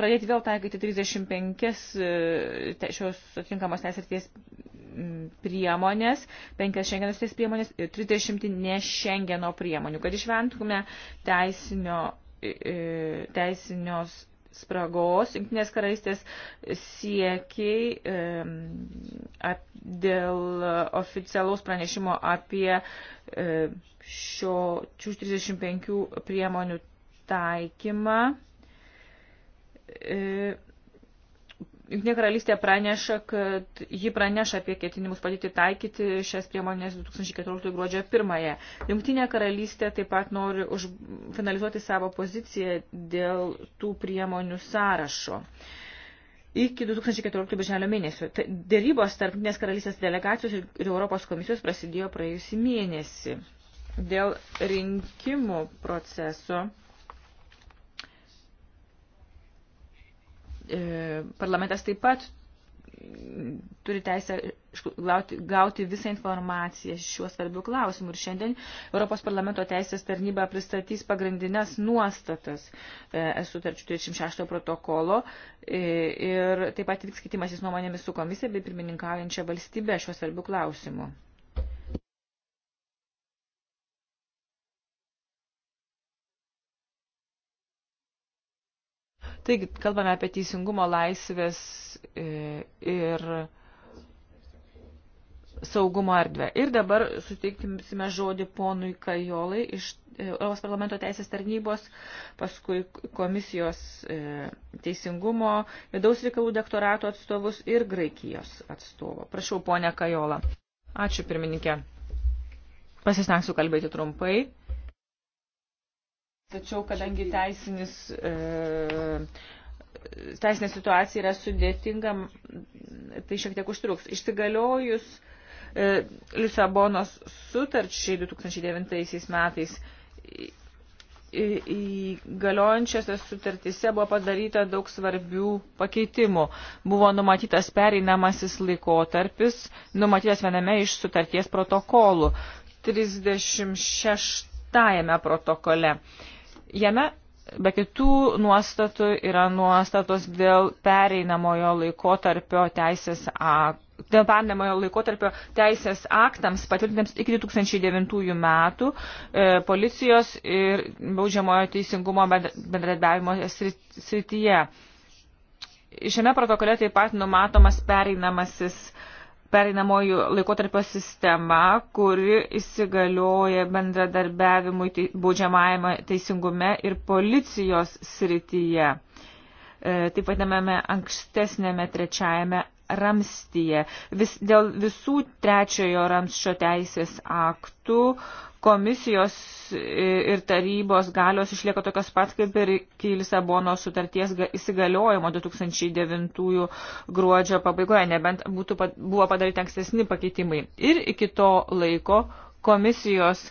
pradėti vėl taikyti 35 e, šios atinkamos teisės priemonės, 5 šengeno teisės priemonės ir 30 ne šengeno priemonių, kad išvengtume teisinio, e, teisinios spragos, jungtinės karalystės siekiai e, at, dėl oficialaus pranešimo apie e, šio 35 priemonių taikymą. E, Junktinė karalystė praneša, kad ji praneša apie ketinimus padėti taikyti šias priemonės 2014 gruodžio 1. Junktinė karalystė taip pat nori už, finalizuoti savo poziciją dėl tų priemonių sąrašo. Iki 2014 birželio mėnesio. Dėrybos tarp Junktinės karalystės delegacijos ir Europos komisijos prasidėjo praėjusį mėnesį. Dėl rinkimų proceso E, parlamentas taip pat turi teisę gauti, gauti visą informaciją šiuo svarbiu klausimu. Ir šiandien Europos parlamento teisės tarnyba pristatys pagrindinės nuostatas e, sutarčių 36 protokolo e, ir taip pat vyks kitimasis nuomonėmis su komisija bei pirmininkaujančia valstybe šiuo svarbiu klausimu. Taigi, kalbame apie teisingumo laisvės e, ir saugumo erdvę. Ir dabar suteiksime žodį ponui Kajolai iš e, Europos parlamento teisės tarnybos, paskui komisijos e, teisingumo, vidaus reikalų dektorato atstovus ir Graikijos atstovo. Prašau, ponė Kajola. Ačiū, pirmininkė. Pasistengsiu kalbėti trumpai. Tačiau, kadangi teisinis, e, teisinė situacija yra sudėtinga, tai šiek tiek užtruks. Išsigaliojus e, Lisabonos sutarčiai 2009 metais galiojančiose sutartise buvo padaryta daug svarbių pakeitimų. Buvo numatytas pereinamasis laikotarpis, numatytas viename iš sutarties protokolų 36 protokole. Jame be kitų nuostatų yra nuostatos dėl pereinamojo laikotarpio teisės aktų. Dėl pandamojo laikotarpio teisės aktams patvirtintams iki 2009 metų e, policijos ir baudžiamojo teisingumo bendradarbiavimo srityje. Šiame protokole taip pat numatomas pereinamasis e, pereinamojų laikotarpio sistema, kuri įsigalioja bendradarbiavimui baudžiamajame teisingume ir policijos srityje. E, taip vadinamame ankstesnėme trečiajame ramstyje. Vis, dėl visų trečiojo ramščio teisės aktų komisijos ir tarybos galios išlieka tokios pat kaip ir iki Lisabono sutarties įsigaliojimo 2009 gruodžio pabaigoje, nebent būtų, buvo padaryti ankstesni pakeitimai. Ir iki to laiko komisijos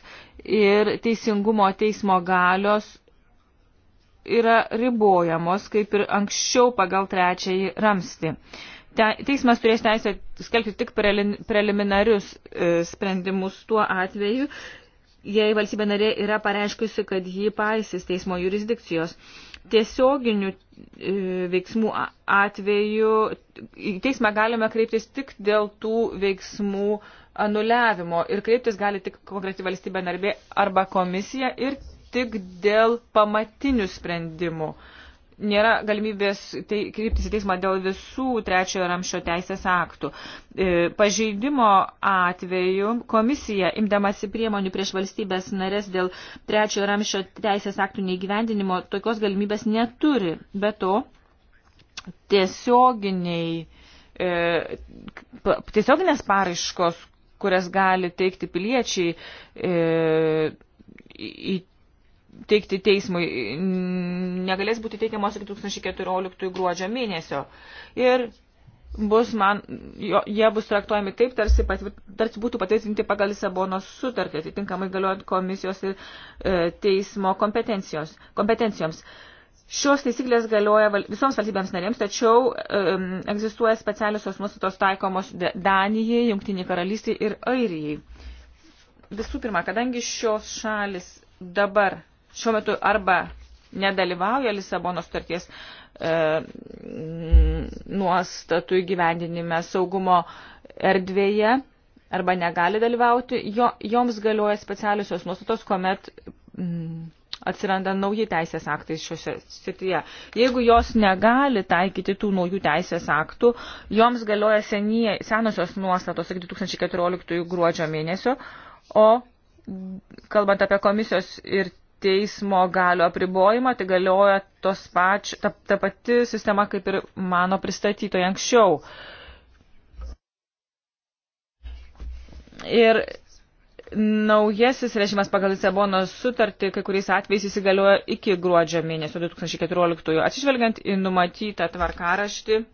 ir teisingumo teismo galios yra ribojamos, kaip ir anksčiau pagal trečiąjį ramstį te, teismas turės teisę skelbti tik prelin, preliminarius e, sprendimus tuo atveju, jei valstybė narė yra pareiškusi, kad jį paisys teismo jurisdikcijos. Tiesioginių e, veiksmų atveju į teismą galime kreiptis tik dėl tų veiksmų anuliavimo ir kreiptis gali tik konkreti valstybė narbė arba komisija ir tik dėl pamatinių sprendimų. E, nėra galimybės tai, kreiptis į teismą dėl visų trečiojo ramšio teisės aktų. E, pažeidimo atveju komisija, imdamasi priemonių prieš valstybės narės dėl trečiojo ramšio teisės aktų neįgyvendinimo, tokios galimybės neturi. Be to, tiesioginiai, e, tiesioginės paraiškos, kurias gali teikti piliečiai, e, į teikti teismui negalės būti teikiamos iki 2014 gruodžio mėnesio. Ir bus man, jo, jie bus traktuojami taip, tarsi, patvirt, tarsi būtų patvirtinti pagal Lisabonos sutartį, atitinkamai galiojant komisijos ir e, teismo kompetencijoms. Šios taisyklės galioja val, visoms valstybėms narėms, tačiau um, e, egzistuoja specialiosios nuostatos taikomos Danijai, Jungtiniai karalystiai ir Airijai. Visų pirma, kadangi šios šalis dabar šiuo metu arba nedalyvauja Lisabono sutarties e, nuostatų įgyvendinime saugumo erdvėje arba negali dalyvauti, jo, joms galioja specialiusios nuostatos, kuomet mm, atsiranda nauji teisės aktai šiuose srityje. Jeigu jos negali taikyti tų naujų teisės aktų, joms galioja senie, senosios nuostatos iki 2014 gruodžio mėnesio, o kalbant apie komisijos ir teismo galio apribojimą, tai galioja tos pač, ta, ta pati sistema kaip ir mano pristatytoje anksčiau. Ir naujasis režimas pagal Lisabonos sutartį kai kuriais atvejais įsigalioja iki gruodžio mėnesio 2014. Atsižvelgiant į numatytą tvarkaraštį,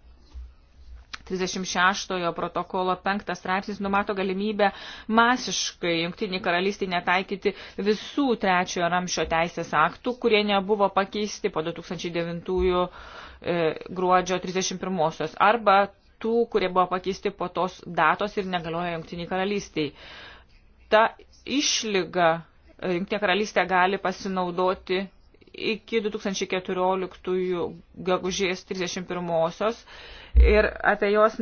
36 protokolo 5 straipsnis numato galimybę masiškai jungtinį karalystį netaikyti visų trečiojo ramšio teisės aktų, kurie nebuvo pakeisti po 2009 e, gruodžio 31 arba tų, kurie buvo pakeisti po tos datos ir negalioja jungtiniai karalystiai. Ta išlyga e, jungtinė karalystė gali pasinaudoti iki 2014 gegužės 31 ir apie jos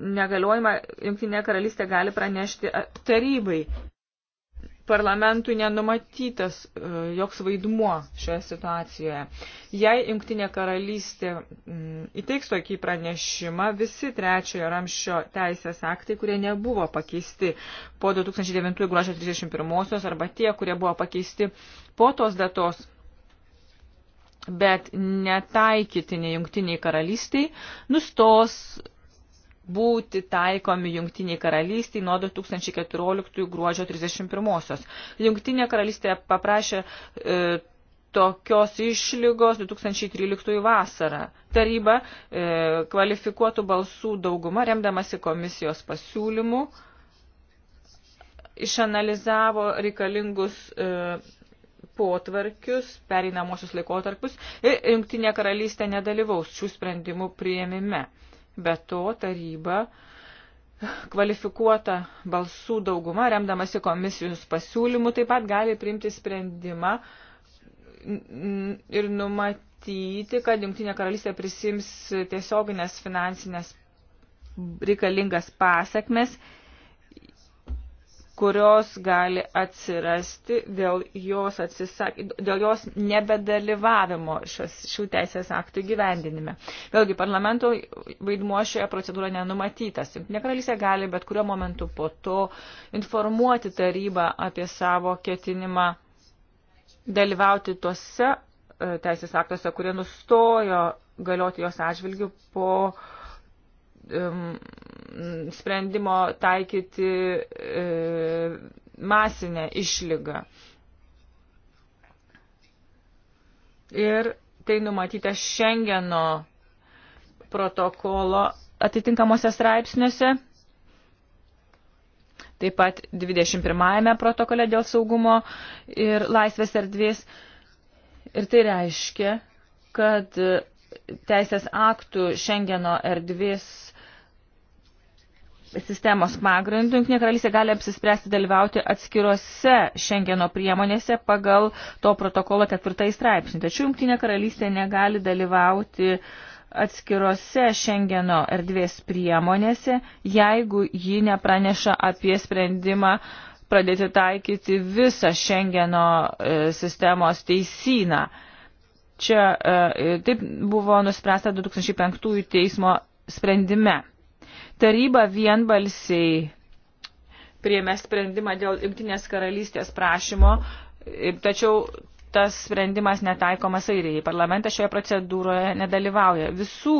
negaliojimą Junktinė karalystė gali pranešti tarybai. Parlamentui nenumatytas e, joks vaidmuo šioje situacijoje. Jei Junktinė karalystė įteiks tokį pranešimą, visi trečiojo ramščio teisės aktai, kurie nebuvo pakeisti po 2009 gruodžio 31 arba tie, kurie buvo pakeisti po tos datos, bet netaikytini jungtiniai karalystiai nustos būti taikomi jungtiniai karalystiai nuo 2014 gruodžio 31-osios. Jungtinė karalystė paprašė e, tokios išlygos 2013 vasarą. Taryba e, kvalifikuotų balsų dauguma, remdamasi komisijos pasiūlymų, išanalizavo reikalingus e, potvarkius, pereinamosius laikotarpius ir Junktinė karalystė nedalyvaus šių sprendimų prieimime. Be to taryba kvalifikuota balsų dauguma, remdamasi komisijos pasiūlymų, taip pat gali priimti sprendimą ir numatyti, kad Junktinė karalystė prisims tiesioginės finansinės reikalingas pasiekmes kurios gali atsirasti dėl jos, atsisak, dėl jos nebedalyvavimo šios, šių teisės aktų gyvendinime. Vėlgi, parlamento vaidmuo šioje procedūroje nenumatytas. Junktinė karalystė gali bet kuriuo momentu po to informuoti tarybą apie savo ketinimą dalyvauti tuose e, teisės aktuose, kurie nustojo galioti jos atžvilgių po uh, sprendimo taikyti e, masinę išlygą. Ir tai numatyta Šengeno protokolo atitinkamuose straipsniuose, taip pat 21 protokole dėl saugumo ir laisvės erdvės. Ir tai reiškia, kad teisės aktų Šengeno erdvės sistemos pagrindu Junktinė karalystė gali apsispręsti dalyvauti atskirose Šengeno priemonėse pagal to protokolo ketvirtąjį straipsnį. Tačiau Junktinė karalystė negali dalyvauti atskirose Šengeno erdvės priemonėse, jeigu ji nepraneša apie sprendimą pradėti taikyti visą Šengeno e, sistemos teisyną. Čia e, taip buvo nuspręsta 2005 teismo sprendime. Taryba vienbalsiai priėmė sprendimą dėl Junktinės karalystės prašymo, tačiau tas sprendimas netaikomas airijai. Parlamentas šioje procedūroje nedalyvauja. Visų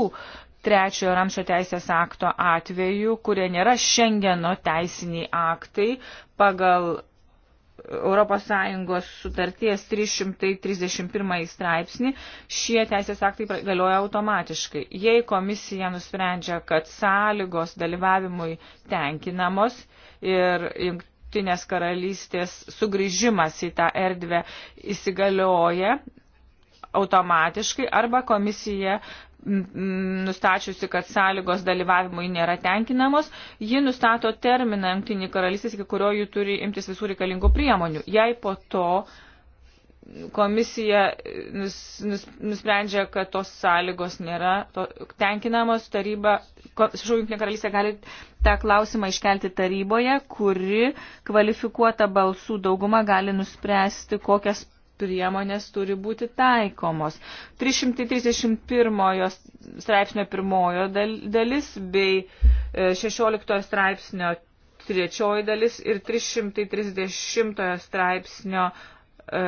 trečiojo ramšio teisės akto atveju, kurie nėra šengeno teisiniai aktai, pagal ES sutarties 331 straipsnį, šie teisės aktai galioja automatiškai. Jei komisija nusprendžia, kad sąlygos dalyvavimui tenkinamos ir jungtinės karalystės sugrįžimas į tą erdvę įsigalioja automatiškai arba komisija nustačiusi, kad sąlygos dalyvavimui nėra tenkinamos, ji nustato terminą jungtinį karalystės, iki kurio jų turi imtis visų reikalingų priemonių. Jei po to komisija nus, nus, nusprendžia, kad tos sąlygos nėra to, tenkinamos, taryba, jungtinė karalystė gali tą klausimą iškelti taryboje, kuri kvalifikuota balsų dauguma gali nuspręsti, kokias priemonės turi būti taikomos. 331 straipsnio pirmojo dalis bei 16 e, straipsnio trečioji dalis ir 330 straipsnio e,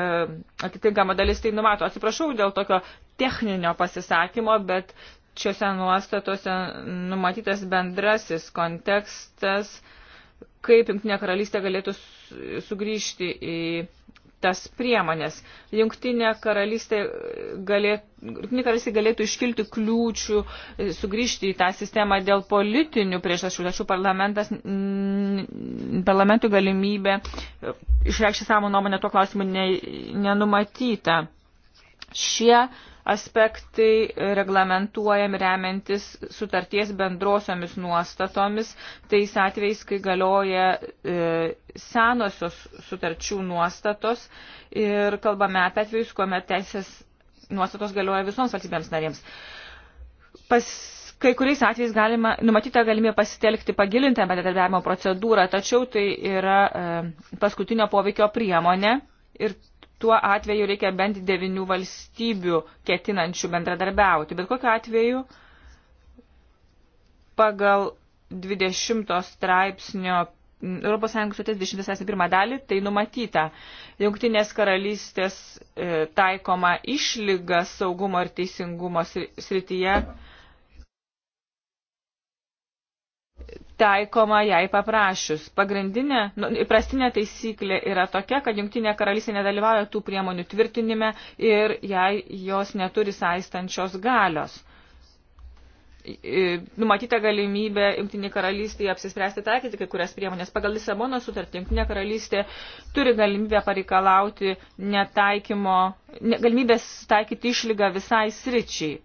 atitinkama dalis tai numato. Atsiprašau dėl tokio techninio pasisakymo, bet šiuose nuostatose numatytas bendrasis kontekstas, kaip Junktinė karalystė galėtų sugrįžti į tas priemonės. Jungtinė karalystė, galėt, Jungtinė karalystė galėtų iškilti kliūčių, e, sugrįžti į tą sistemą dėl politinių priežasčių, tačiau parlamentų galimybė e, išreikšti savo nuomonę tuo klausimu ne, nenumatyta. Šie aspektai reglamentuojami remiantis sutarties bendrosiomis nuostatomis, tais atvejais, kai galioja e, senosios sutarčių nuostatos ir kalbame apie atvejus, kuomet teisės nuostatos galioja visoms valstybėms narėms. Pas, kai kuriais atvejais galima, numatyta galimybė pasitelkti pagilintą bendradarbiavimo procedūrą, tačiau tai yra e, paskutinio poveikio priemonė ir tuo atveju reikia bent devinių valstybių ketinančių bendradarbiauti. Bet kokiu atveju pagal 20 straipsnio ES sutarties 20 straipsnio pirmą dalį tai numatyta. Jungtinės karalystės e, taikoma išlyga saugumo ir teisingumo srityje. Sri taikoma jai paprašius. Pagrindinė, nu, įprastinė taisyklė yra tokia, kad jungtinė karalystė nedalyvauja tų priemonių tvirtinime ir jai jos neturi saistančios galios. Numatyta galimybė jungtinė karalystė apsispręsti taikyti kai kurias priemonės. Pagal Lisabono sutartį jungtinė karalystė turi galimybę pareikalauti netaikymo, ne, galimybės taikyti išlygą visai sričiai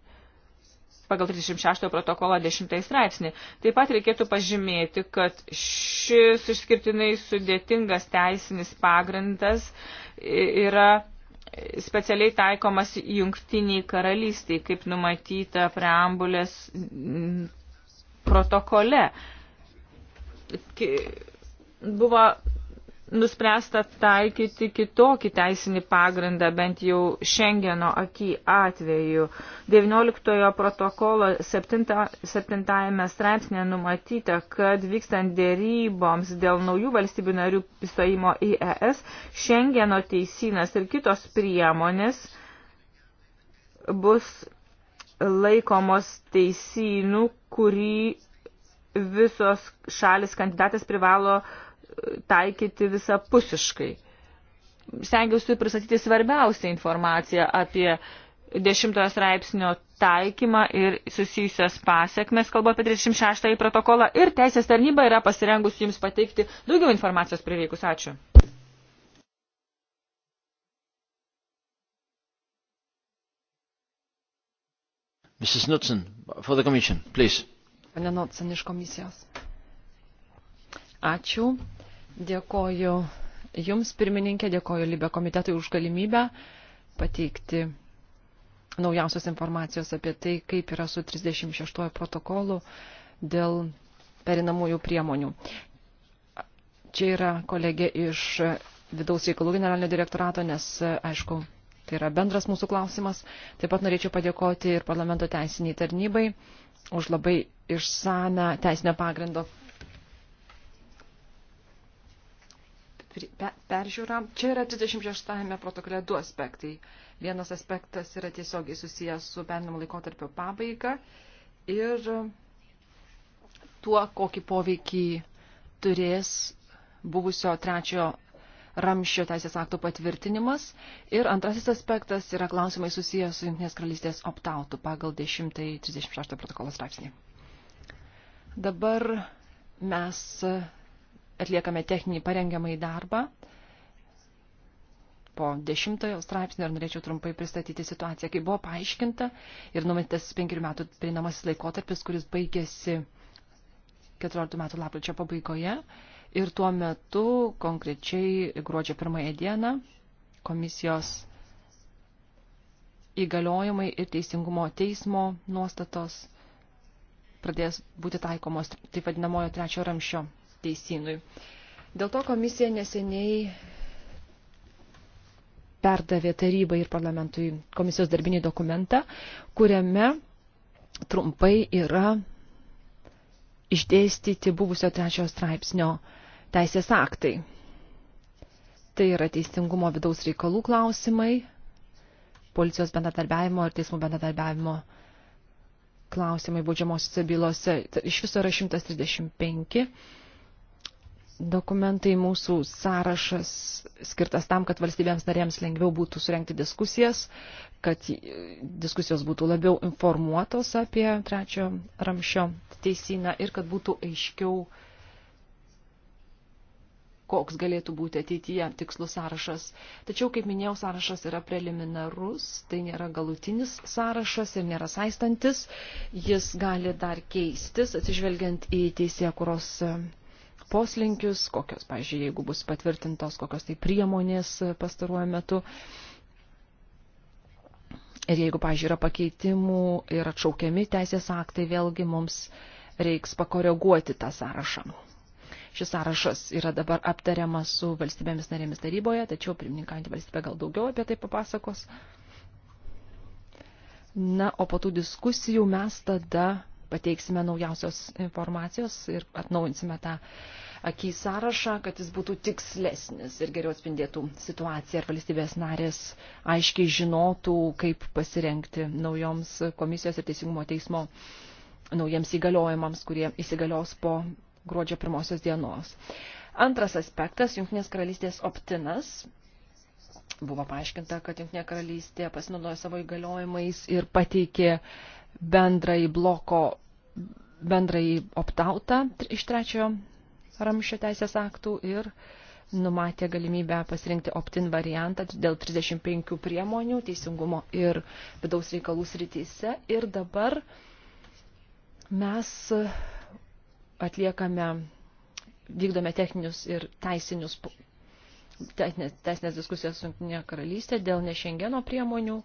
pagal 36 protokolą 10 straipsnį. Taip pat reikėtų pažymėti, kad šis išskirtinai sudėtingas teisinis pagrindas yra specialiai taikomas jungtiniai karalystiai, kaip numatyta preambulės protokole. Buvo nuspręsta taikyti kitokį teisinį pagrindą, bent jau Šengeno akį atveju. 19 protokolo 7 straipsnė numatyta, kad vykstant dėryboms dėl naujų valstybių narių įstojimo į ES, Šengeno teisinas ir kitos priemonės bus laikomos teisinų, kurį visos šalis kandidatės privalo uh, taikyti visapusiškai. Stengiausi pristatyti svarbiausią informaciją apie dešimtojo straipsnio taikymą ir susijusias pasiekmes, kalbu apie 36 protokolą ir teisės tarnyba yra pasirengusi jums pateikti daugiau informacijos prireikus. Ačiū. Mrs. Knudsen, for the Commission, please. Pane Knudsen iš komisijos. Ačiū. Dėkoju Jums, pirmininkė, dėkoju Libė komitetui už galimybę pateikti naujausios informacijos apie tai, kaip yra su 36 protokolu dėl perinamųjų priemonių. Čia yra kolegė iš vidaus reikalų generalinio direktorato, nes, aišku, tai yra bendras mūsų klausimas. Taip pat norėčiau padėkoti ir parlamento teisiniai tarnybai už labai išsame teisinio pagrindo peržiūrą. Čia yra 36 protokole du aspektai. Vienas aspektas yra tiesiogiai susijęs su bendrimo laikotarpio pabaiga ir tuo, kokį poveikį turės buvusio trečiojo ramščio teisės akto patvirtinimas. Ir antrasis aspektas yra klausimai susijęs su Junktinės karalystės optautų pagal 1036 protokolo straipsnį. Dabar mes atliekame techninį parengiamąjį darbą. Po dešimtojo straipsnio ir norėčiau trumpai pristatyti situaciją, kai buvo paaiškinta ir numatytas penkerių metų prieinamasis laikotarpis, kuris baigėsi 14 metų lapkričio pabaigoje. Ir tuo metu, konkrečiai gruodžio pirmąją dieną, komisijos įgaliojimai ir teisingumo teismo nuostatos pradės būti taikomos taip vadinamojo trečio ramščio teisinui. Dėl to komisija neseniai perdavė tarybai ir parlamentui komisijos darbinį dokumentą, kuriame trumpai yra išdėstyti buvusio trečiojo straipsnio teisės aktai. Tai yra teisingumo vidaus reikalų klausimai, policijos bendradarbiavimo ir teismų bendradarbiavimo klausimai baudžiamosiose bylose. Iš viso yra 135 dokumentai, mūsų sąrašas skirtas tam, kad valstybėms narėms lengviau būtų surenkti diskusijas, kad diskusijos būtų labiau informuotos apie trečio ramšio teisiną ir kad būtų aiškiau, koks galėtų būti ateityje tikslų sąrašas. Tačiau, kaip minėjau, sąrašas yra preliminarus, tai nėra galutinis sąrašas ir nėra saistantis. Jis gali dar keistis, atsižvelgiant į teisėkuros kuros poslinkius, kokios, pažiūrėjau, jeigu bus patvirtintos, kokios tai priemonės pastaruoju metu. Ir jeigu, pažiūrėjau, yra pakeitimų ir atšaukiami teisės aktai, vėlgi mums reiks pakoreguoti tą sąrašą. Šis sąrašas yra dabar aptariamas su valstybėmis narėmis taryboje, tačiau pirmininkantį valstybę gal daugiau apie tai papasakos. Na, o po tų diskusijų mes tada pateiksime naujausios informacijos ir atnaujinsime tą akį sąrašą, kad jis būtų tikslesnis ir geriau atspindėtų situaciją ir valstybės narės aiškiai žinotų, kaip pasirengti naujoms komisijos ir teisingumo teismo naujiems įgaliojimams, kurie įsigalios po gruodžio pirmosios dienos. Antras aspektas - Junktinės karalystės optinas Buvo paaiškinta, kad Junktinė karalystė pasinaudojo savo įgaliojimais ir pateikė bendrąjį bloko, bendrąjį optautą iš trečiojo ramščio teisės aktų ir numatė galimybę pasirinkti optin variantą dėl 35 priemonių teisingumo ir vidaus reikalų srityse. Ir dabar mes atliekame, vykdome techninius ir teisinius teisinės diskusijos su Junktinė karalystė dėl nešengeno priemonių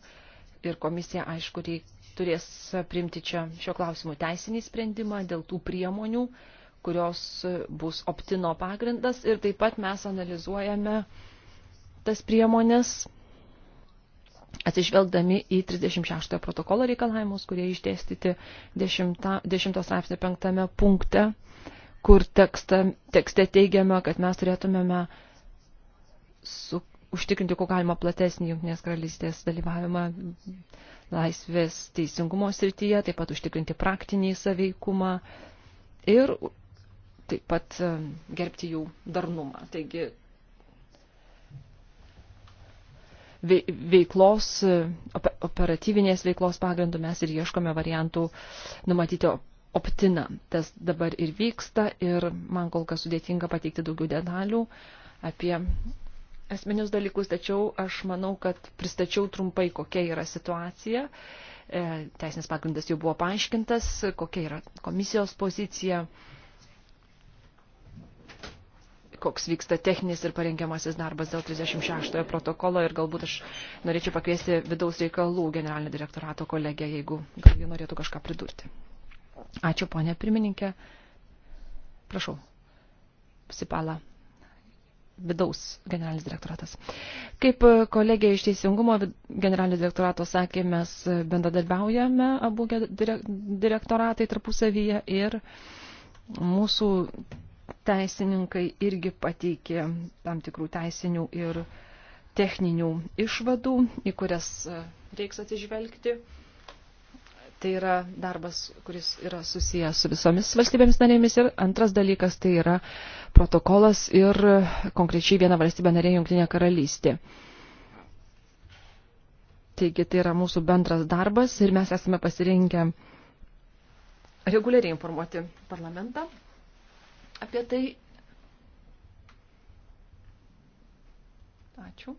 ir komisija, aišku, turės priimti čia šio klausimu teisinį sprendimą dėl tų priemonių, kurios bus optino pagrindas ir taip pat mes analizuojame tas priemonės atsižvelgdami į 36 protokolo reikalavimus, kurie išdėstyti 10 straipsnio 5 punkte, kur teksta, tekste teigiama, kad mes turėtumėme su, užtikrinti, kuo galima platesnį Junktinės karalystės dalyvavimą laisvės teisingumo srityje, taip pat užtikrinti praktinį saveikumą ir taip pat e, gerbti jų darnumą. Taigi veiklos, e, operatyvinės veiklos pagrindų mes ir ieškome variantų numatyti optiną. Tas dabar ir vyksta ir man kol kas sudėtinga pateikti daugiau detalių apie esminius dalykus, tačiau aš manau, kad pristačiau trumpai, kokia yra situacija. E, teisinis pagrindas jau buvo paaiškintas, kokia yra komisijos pozicija, koks vyksta techninis ir parengiamasis darbas dėl 36 protokolo ir galbūt aš norėčiau pakviesti vidaus reikalų generalinio direktorato kolegę, jeigu gal jie norėtų kažką pridurti. Ačiū, ponė pirmininkė. Prašau. Sipala vidaus generalinis direktoratas. Kaip e, kolegė iš Teisingumo generalinis direktorato sakė, mes e, bendradarbiaujame abu direktoratai tarpusavyje ir mūsų teisininkai irgi pateikė tam tikrų teisinių ir techninių išvadų, į kurias e, reiks atsižvelgti. Tai yra darbas, kuris yra susijęs su visomis valstybėmis narėmis. Ir antras dalykas tai yra protokolas ir konkrečiai viena valstybė narė Junktinė karalystė. Taigi tai yra mūsų bendras darbas ir mes esame pasirinkę reguliariai informuoti parlamentą apie tai. Ačiū.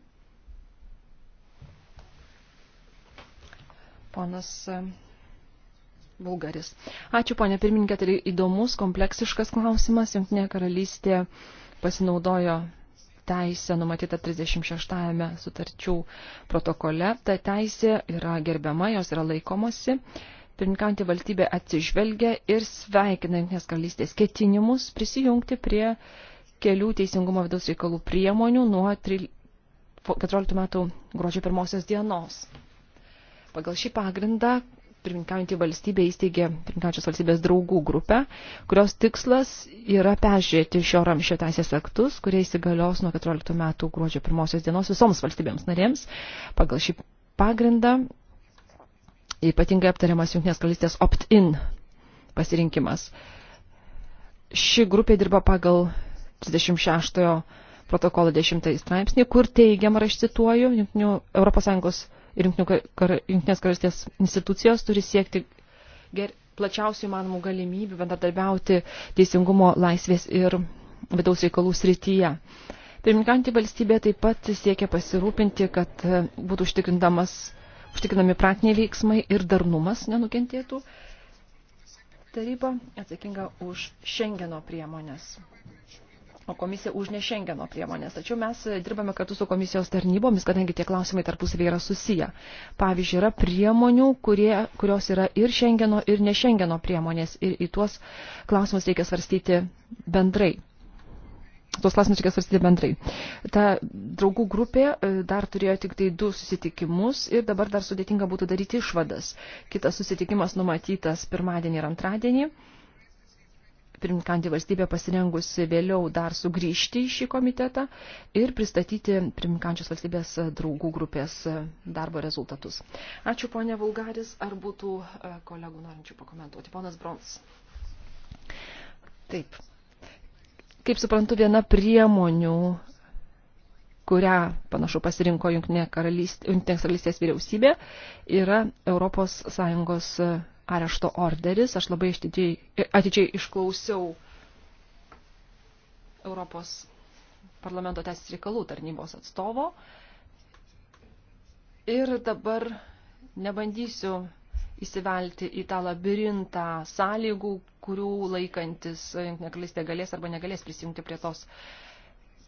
Ponas Bulgaris. Ačiū, ponė pirmininkė, tai įdomus, kompleksiškas klausimas. Junktinė karalystė pasinaudojo teisę numatytą 36-ame sutarčių protokole. Ta teisė yra gerbiama, jos yra laikomasi. Pirminkantį valstybę atsižvelgia ir sveikina Junktinės karalystės ketinimus prisijungti prie kelių teisingumo vidaus reikalų priemonių nuo 14 metų gruodžio pirmosios dienos. Pagal šį pagrindą pirminkaujantį valstybę įsteigė pirminkaujantys valstybės draugų grupę, kurios tikslas yra peržiūrėti šio ramščio teisės aktus, kurie įsigalios nuo 14 metų gruodžio 1 dienos visoms valstybėms narėms. Pagal šį pagrindą ypatingai aptariamas Junktinės karalystės opt-in pasirinkimas. Ši grupė dirba pagal 36 protokolo 10 straipsnį, kur teigiama, aš cituoju, Europos Sąjungos ir Junktinės karalystės institucijos turi siekti ger, plačiausių įmanomų galimybių bendradarbiauti teisingumo laisvės ir vidaus reikalų srityje. Pirmininkanti valstybė taip pat siekia pasirūpinti, kad būtų užtikrinami praktiniai veiksmai ir darnumas nenukentėtų. Taryba atsakinga už Šengeno priemonės komisija už nešengeno priemonės. Tačiau mes e, dirbame kartu su komisijos tarnybomis, kadangi tie klausimai tarpusavį yra susiję. Pavyzdžiui, yra priemonių, kurie, kurios yra ir šengeno, ir nešengeno priemonės. Ir į tuos klausimus reikia svarstyti bendrai. Tuos klausimus reikia svarstyti bendrai. Ta draugų grupė e, dar turėjo tik tai du susitikimus ir dabar dar sudėtinga būtų daryti išvadas. Kitas susitikimas numatytas pirmadienį ir antradienį primkantį valstybę pasirengusi vėliau dar sugrįžti į šį komitetą ir pristatyti primkančios valstybės draugų grupės darbo rezultatus. Ačiū, ponė Vulgaris, ar būtų e, kolegų norinčių pakomentuoti. Ponas Brons. Taip. Kaip suprantu, viena priemonių kurią panašu pasirinko Junktinės karalystės vyriausybė, yra ES arešto orderis. Aš labai atidžiai, atidžiai išklausiau Europos parlamento teisės reikalų tarnybos atstovo. Ir dabar nebandysiu įsivelti į tą labirintą sąlygų, kurių laikantis Junktinė karalystė galės arba negalės prisijungti prie tos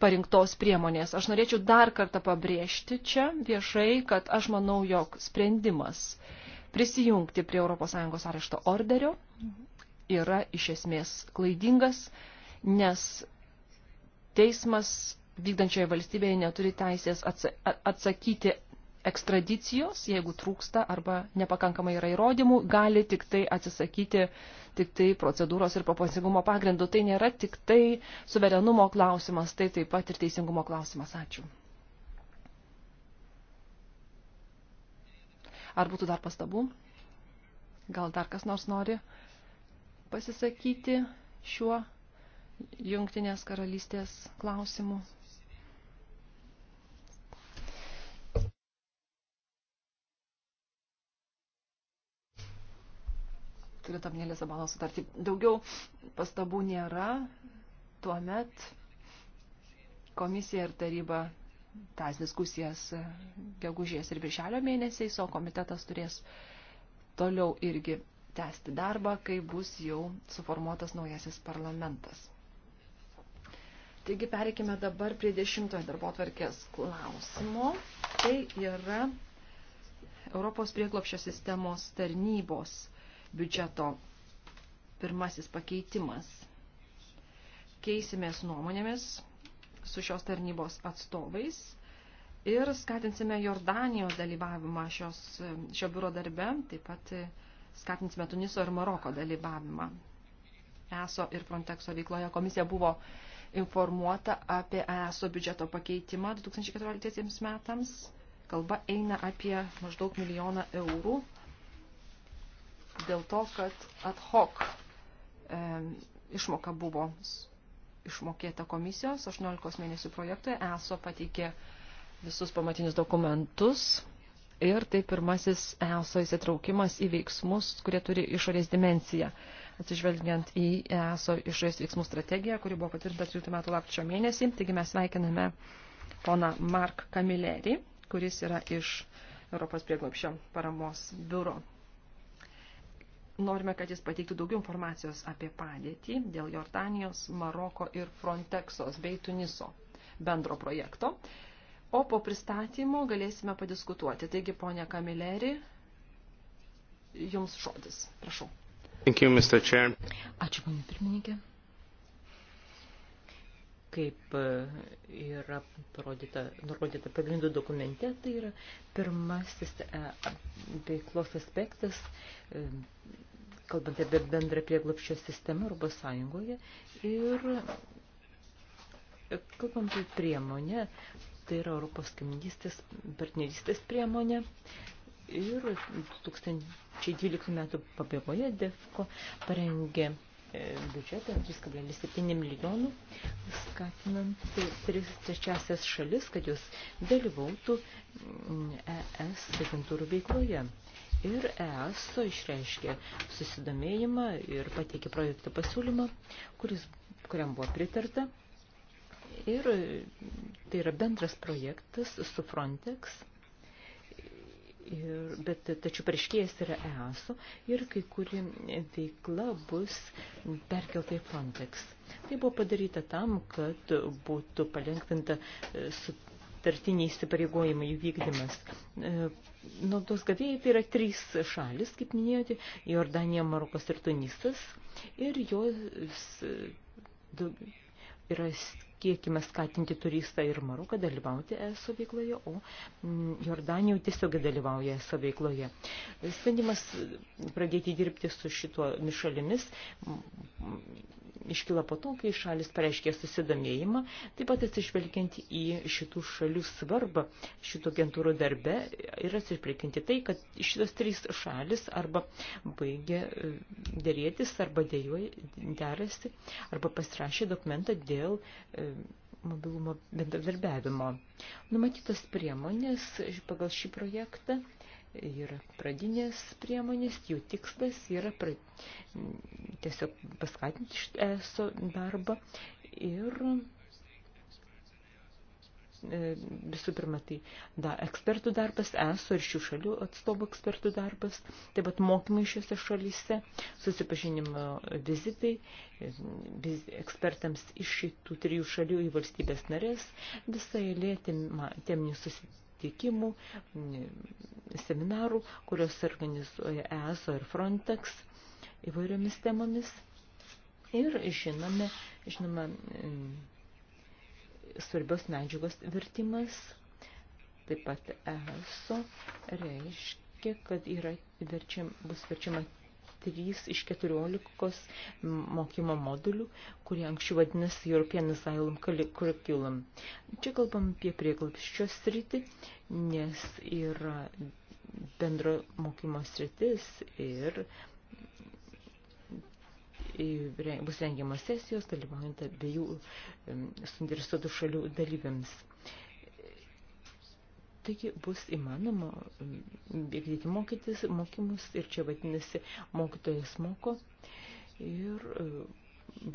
parinktos priemonės. Aš norėčiau dar kartą pabrėžti čia viešai, kad aš manau, jog sprendimas uh, prisijungti prie ES arešto orderio yra iš esmės klaidingas, nes teismas vykdančioje valstybėje neturi teisės atsakyti ekstradicijos, jeigu trūksta arba nepakankamai yra įrodymų, gali tik tai atsisakyti tik tai procedūros ir proporcingumo pagrindų. Tai nėra tik tai suverenumo klausimas, tai taip pat ir teisingumo klausimas. Ačiū. Ar būtų dar pastabų? Gal dar kas nors nori pasisakyti šiuo jungtinės karalystės klausimu? turint omenyje Lisabono sutartį. Daugiau pastabų nėra. Tuomet komisija ir taryba tas diskusijas gegužės ir birželio mėnesiais, o komitetas turės toliau irgi tęsti darbą, kai bus jau suformuotas naujasis parlamentas. Taigi pereikime dabar prie dešimtojo darbo tvarkės klausimo. Tai yra Europos prieglopščio sistemos tarnybos biudžeto pirmasis pakeitimas. Keisimės nuomonėmis su šios tarnybos atstovais ir skatinsime Jordanijos dalyvavimą šios, šio biuro darbe, taip pat skatinsime Tuniso ir Maroko dalyvavimą. ESO ir Frontexo veikloje komisija buvo informuota apie ESO biudžeto pakeitimą 2014 metams. Kalba eina apie maždaug milijoną eurų dėl to, kad ad hoc e, išmoka buvo išmokėta komisijos 18 mėnesių projektoje. ESO pateikė visus pamatinius dokumentus ir tai pirmasis ESO įsitraukimas į veiksmus, kurie turi išorės dimenciją. Atsižvelgiant į ESO išorės veiksmų strategiją, kuri buvo patvirtinta 3 metų lapčio mėnesį, taigi mes sveikiname pona Mark Kamilerį, kuris yra iš Europos prieglopščio paramos biuro Norime, kad jis pateiktų daugiau informacijos apie padėtį dėl Jordanijos, Maroko ir Frontexos bei Tuniso bendro projekto. O po pristatymo galėsime padiskutuoti. Taigi, ponia Kamileri, jums žodis. Prašau. Thank you, Mr. Chair. Ačiū, ponia pirmininkė kaip e, yra parodyta, nurodyta pagrindų dokumente, tai yra pirmasis e, veiklos aspektas, e, kalbant apie bendrą prieglapščio sistemą Europos Sąjungoje ir kalbant apie priemonę, tai yra Europos kaiminystės partnerystės priemonė. Ir 2012 metų pabaigoje DEFCO parengė biudžetą 3,7 milijonų, skatinant tai trečiasias šalis, kad jos dalyvautų ES agentūrų veikloje. Ir ES išreiškė susidomėjimą ir pateikė projektą pasiūlymą, kuris, kuriam buvo pritarta. Ir tai yra bendras projektas su Frontex ir bet tačiau prieškėjas yra EASO ir kai kuri veikla bus perkelta į Frontex. Tai buvo padaryta tam, kad būtų palengvinta e, sutartiniai įsipareigojimai jų vykdymas. E, naudos gavėjai tai yra trys šalis, kaip minėjote, Jordanija, Marokas ir Tunisas ir jos e, yra skirtingos siekime skatinti turistą ir Maroką dalyvauti ESO veikloje, o mm, Jordanija tiesiog dalyvauja ESO veikloje. Sprendimas pradėti dirbti su šituo mišalimis iškyla po to, kai šalis pareiškė susidomėjimą, taip pat atsižvelgiant į šitų šalių svarbą šitų agentūrų darbe ir atsižvelgiant į tai, kad šitos trys šalis arba baigė e, dėrėtis, arba dėjoja derasi, arba pasirašė dokumentą dėl e, mobilumo bendradarbiavimo. Numatytos priemonės pagal šį projektą yra pradinės priemonės, jų tikslas yra pra, tiesiog paskatinti ESO darbą ir e, visų pirma, tai da, ekspertų darbas, ESO ir šių šalių atstovų ekspertų darbas, taip pat mokymai šiuose šalyse, susipažinimo vizitai e, viz, ekspertams iš šitų trijų šalių į valstybės narės, visai lėtėminių susitikimų susitikimų, seminarų, kurios organizuoja ESO ir Frontex įvairiomis temomis. Ir žinome, žinoma, mm, svarbios medžiagos vertimas, taip pat ESO reiškia, kad yra verčiam, bus verčiama 3 iš 14 mokymo modulių, kurie anksčiau vadinasi European Asylum Curriculum. Čia kalbam apie prieglapščio sritį, nes yra bendro mokymo sritis ir bus rengiamas sesijos dalyvaujant abiejų suinteresuotų šalių dalyviams taigi bus įmanoma mm, vykdyti mokytis, mokymus ir čia vadinasi mokytojas moko ir e,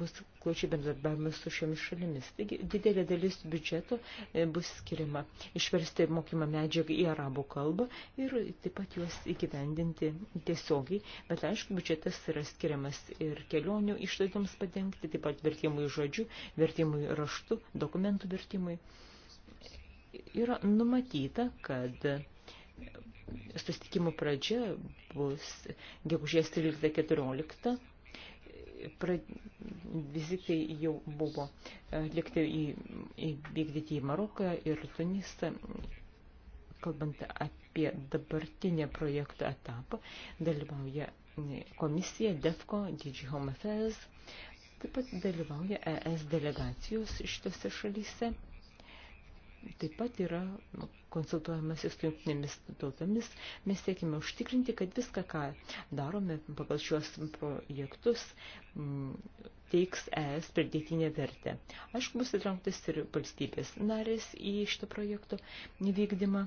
bus klaučiai bendradarbiavimas su šiomis šalimis. Taigi didelė dalis biudžeto e, bus skiriama išversti mokymą medžiagą į arabų kalbą ir taip pat juos įgyvendinti tiesiogiai, bet aišku, biudžetas yra skiriamas ir kelionių išlaidoms padengti, taip pat vertimui žodžių, vertimui raštų, dokumentų vertimui yra numatyta, kad susitikimo pradžia bus gegužės 13-14. Pra, vizitai jau buvo likti į, įvykdyti į Maroką ir Tunisą, kalbant apie dabartinę projekto etapą, dalyvauja komisija DEFCO, DG Home Affairs, taip pat dalyvauja ES delegacijos šitose šalyse taip pat yra nu, konsultuojamas su jungtinėmis tautomis. Mes siekime užtikrinti, kad viską, ką darome pagal šiuos projektus, mm, teiks ES pridėtinę vertę. Aišku, bus įtrauktas ir valstybės narės į šitą projekto vykdymą.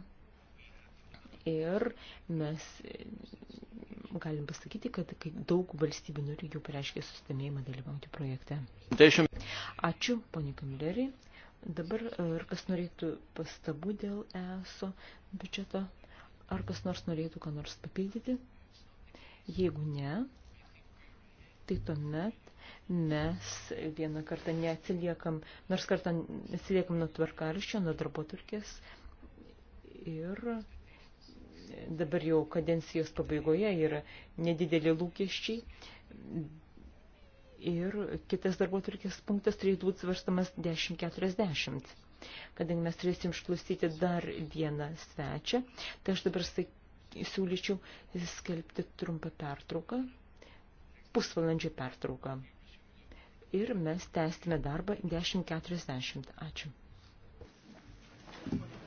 Ir mes mm, galim pasakyti, kad daug valstybių narių jau pareiškė sustamėjimą dalyvauti projekte. Ačiū, ponė Kamilerį. Dabar e, ar kas norėtų pastabų dėl ESO biudžeto, ar kas nors norėtų ką nors papildyti? Jeigu ne, tai tuomet mes vieną kartą neatsiliekam, nors kartą atsiliekam nuo tvarkarščio, nuo darboturkės ir dabar jau kadencijos pabaigoje yra nedideli lūkesčiai, ir kitas darbo turkės punktas turėtų būti svarstamas 10.40. Kadangi mes turėsim išklausyti dar vieną svečią, tai aš dabar siūlyčiau skelbti trumpą pertrauką, pusvalandžio pertrauką. Ir mes tęstime darbą 10.40. Ačiū. Thank you.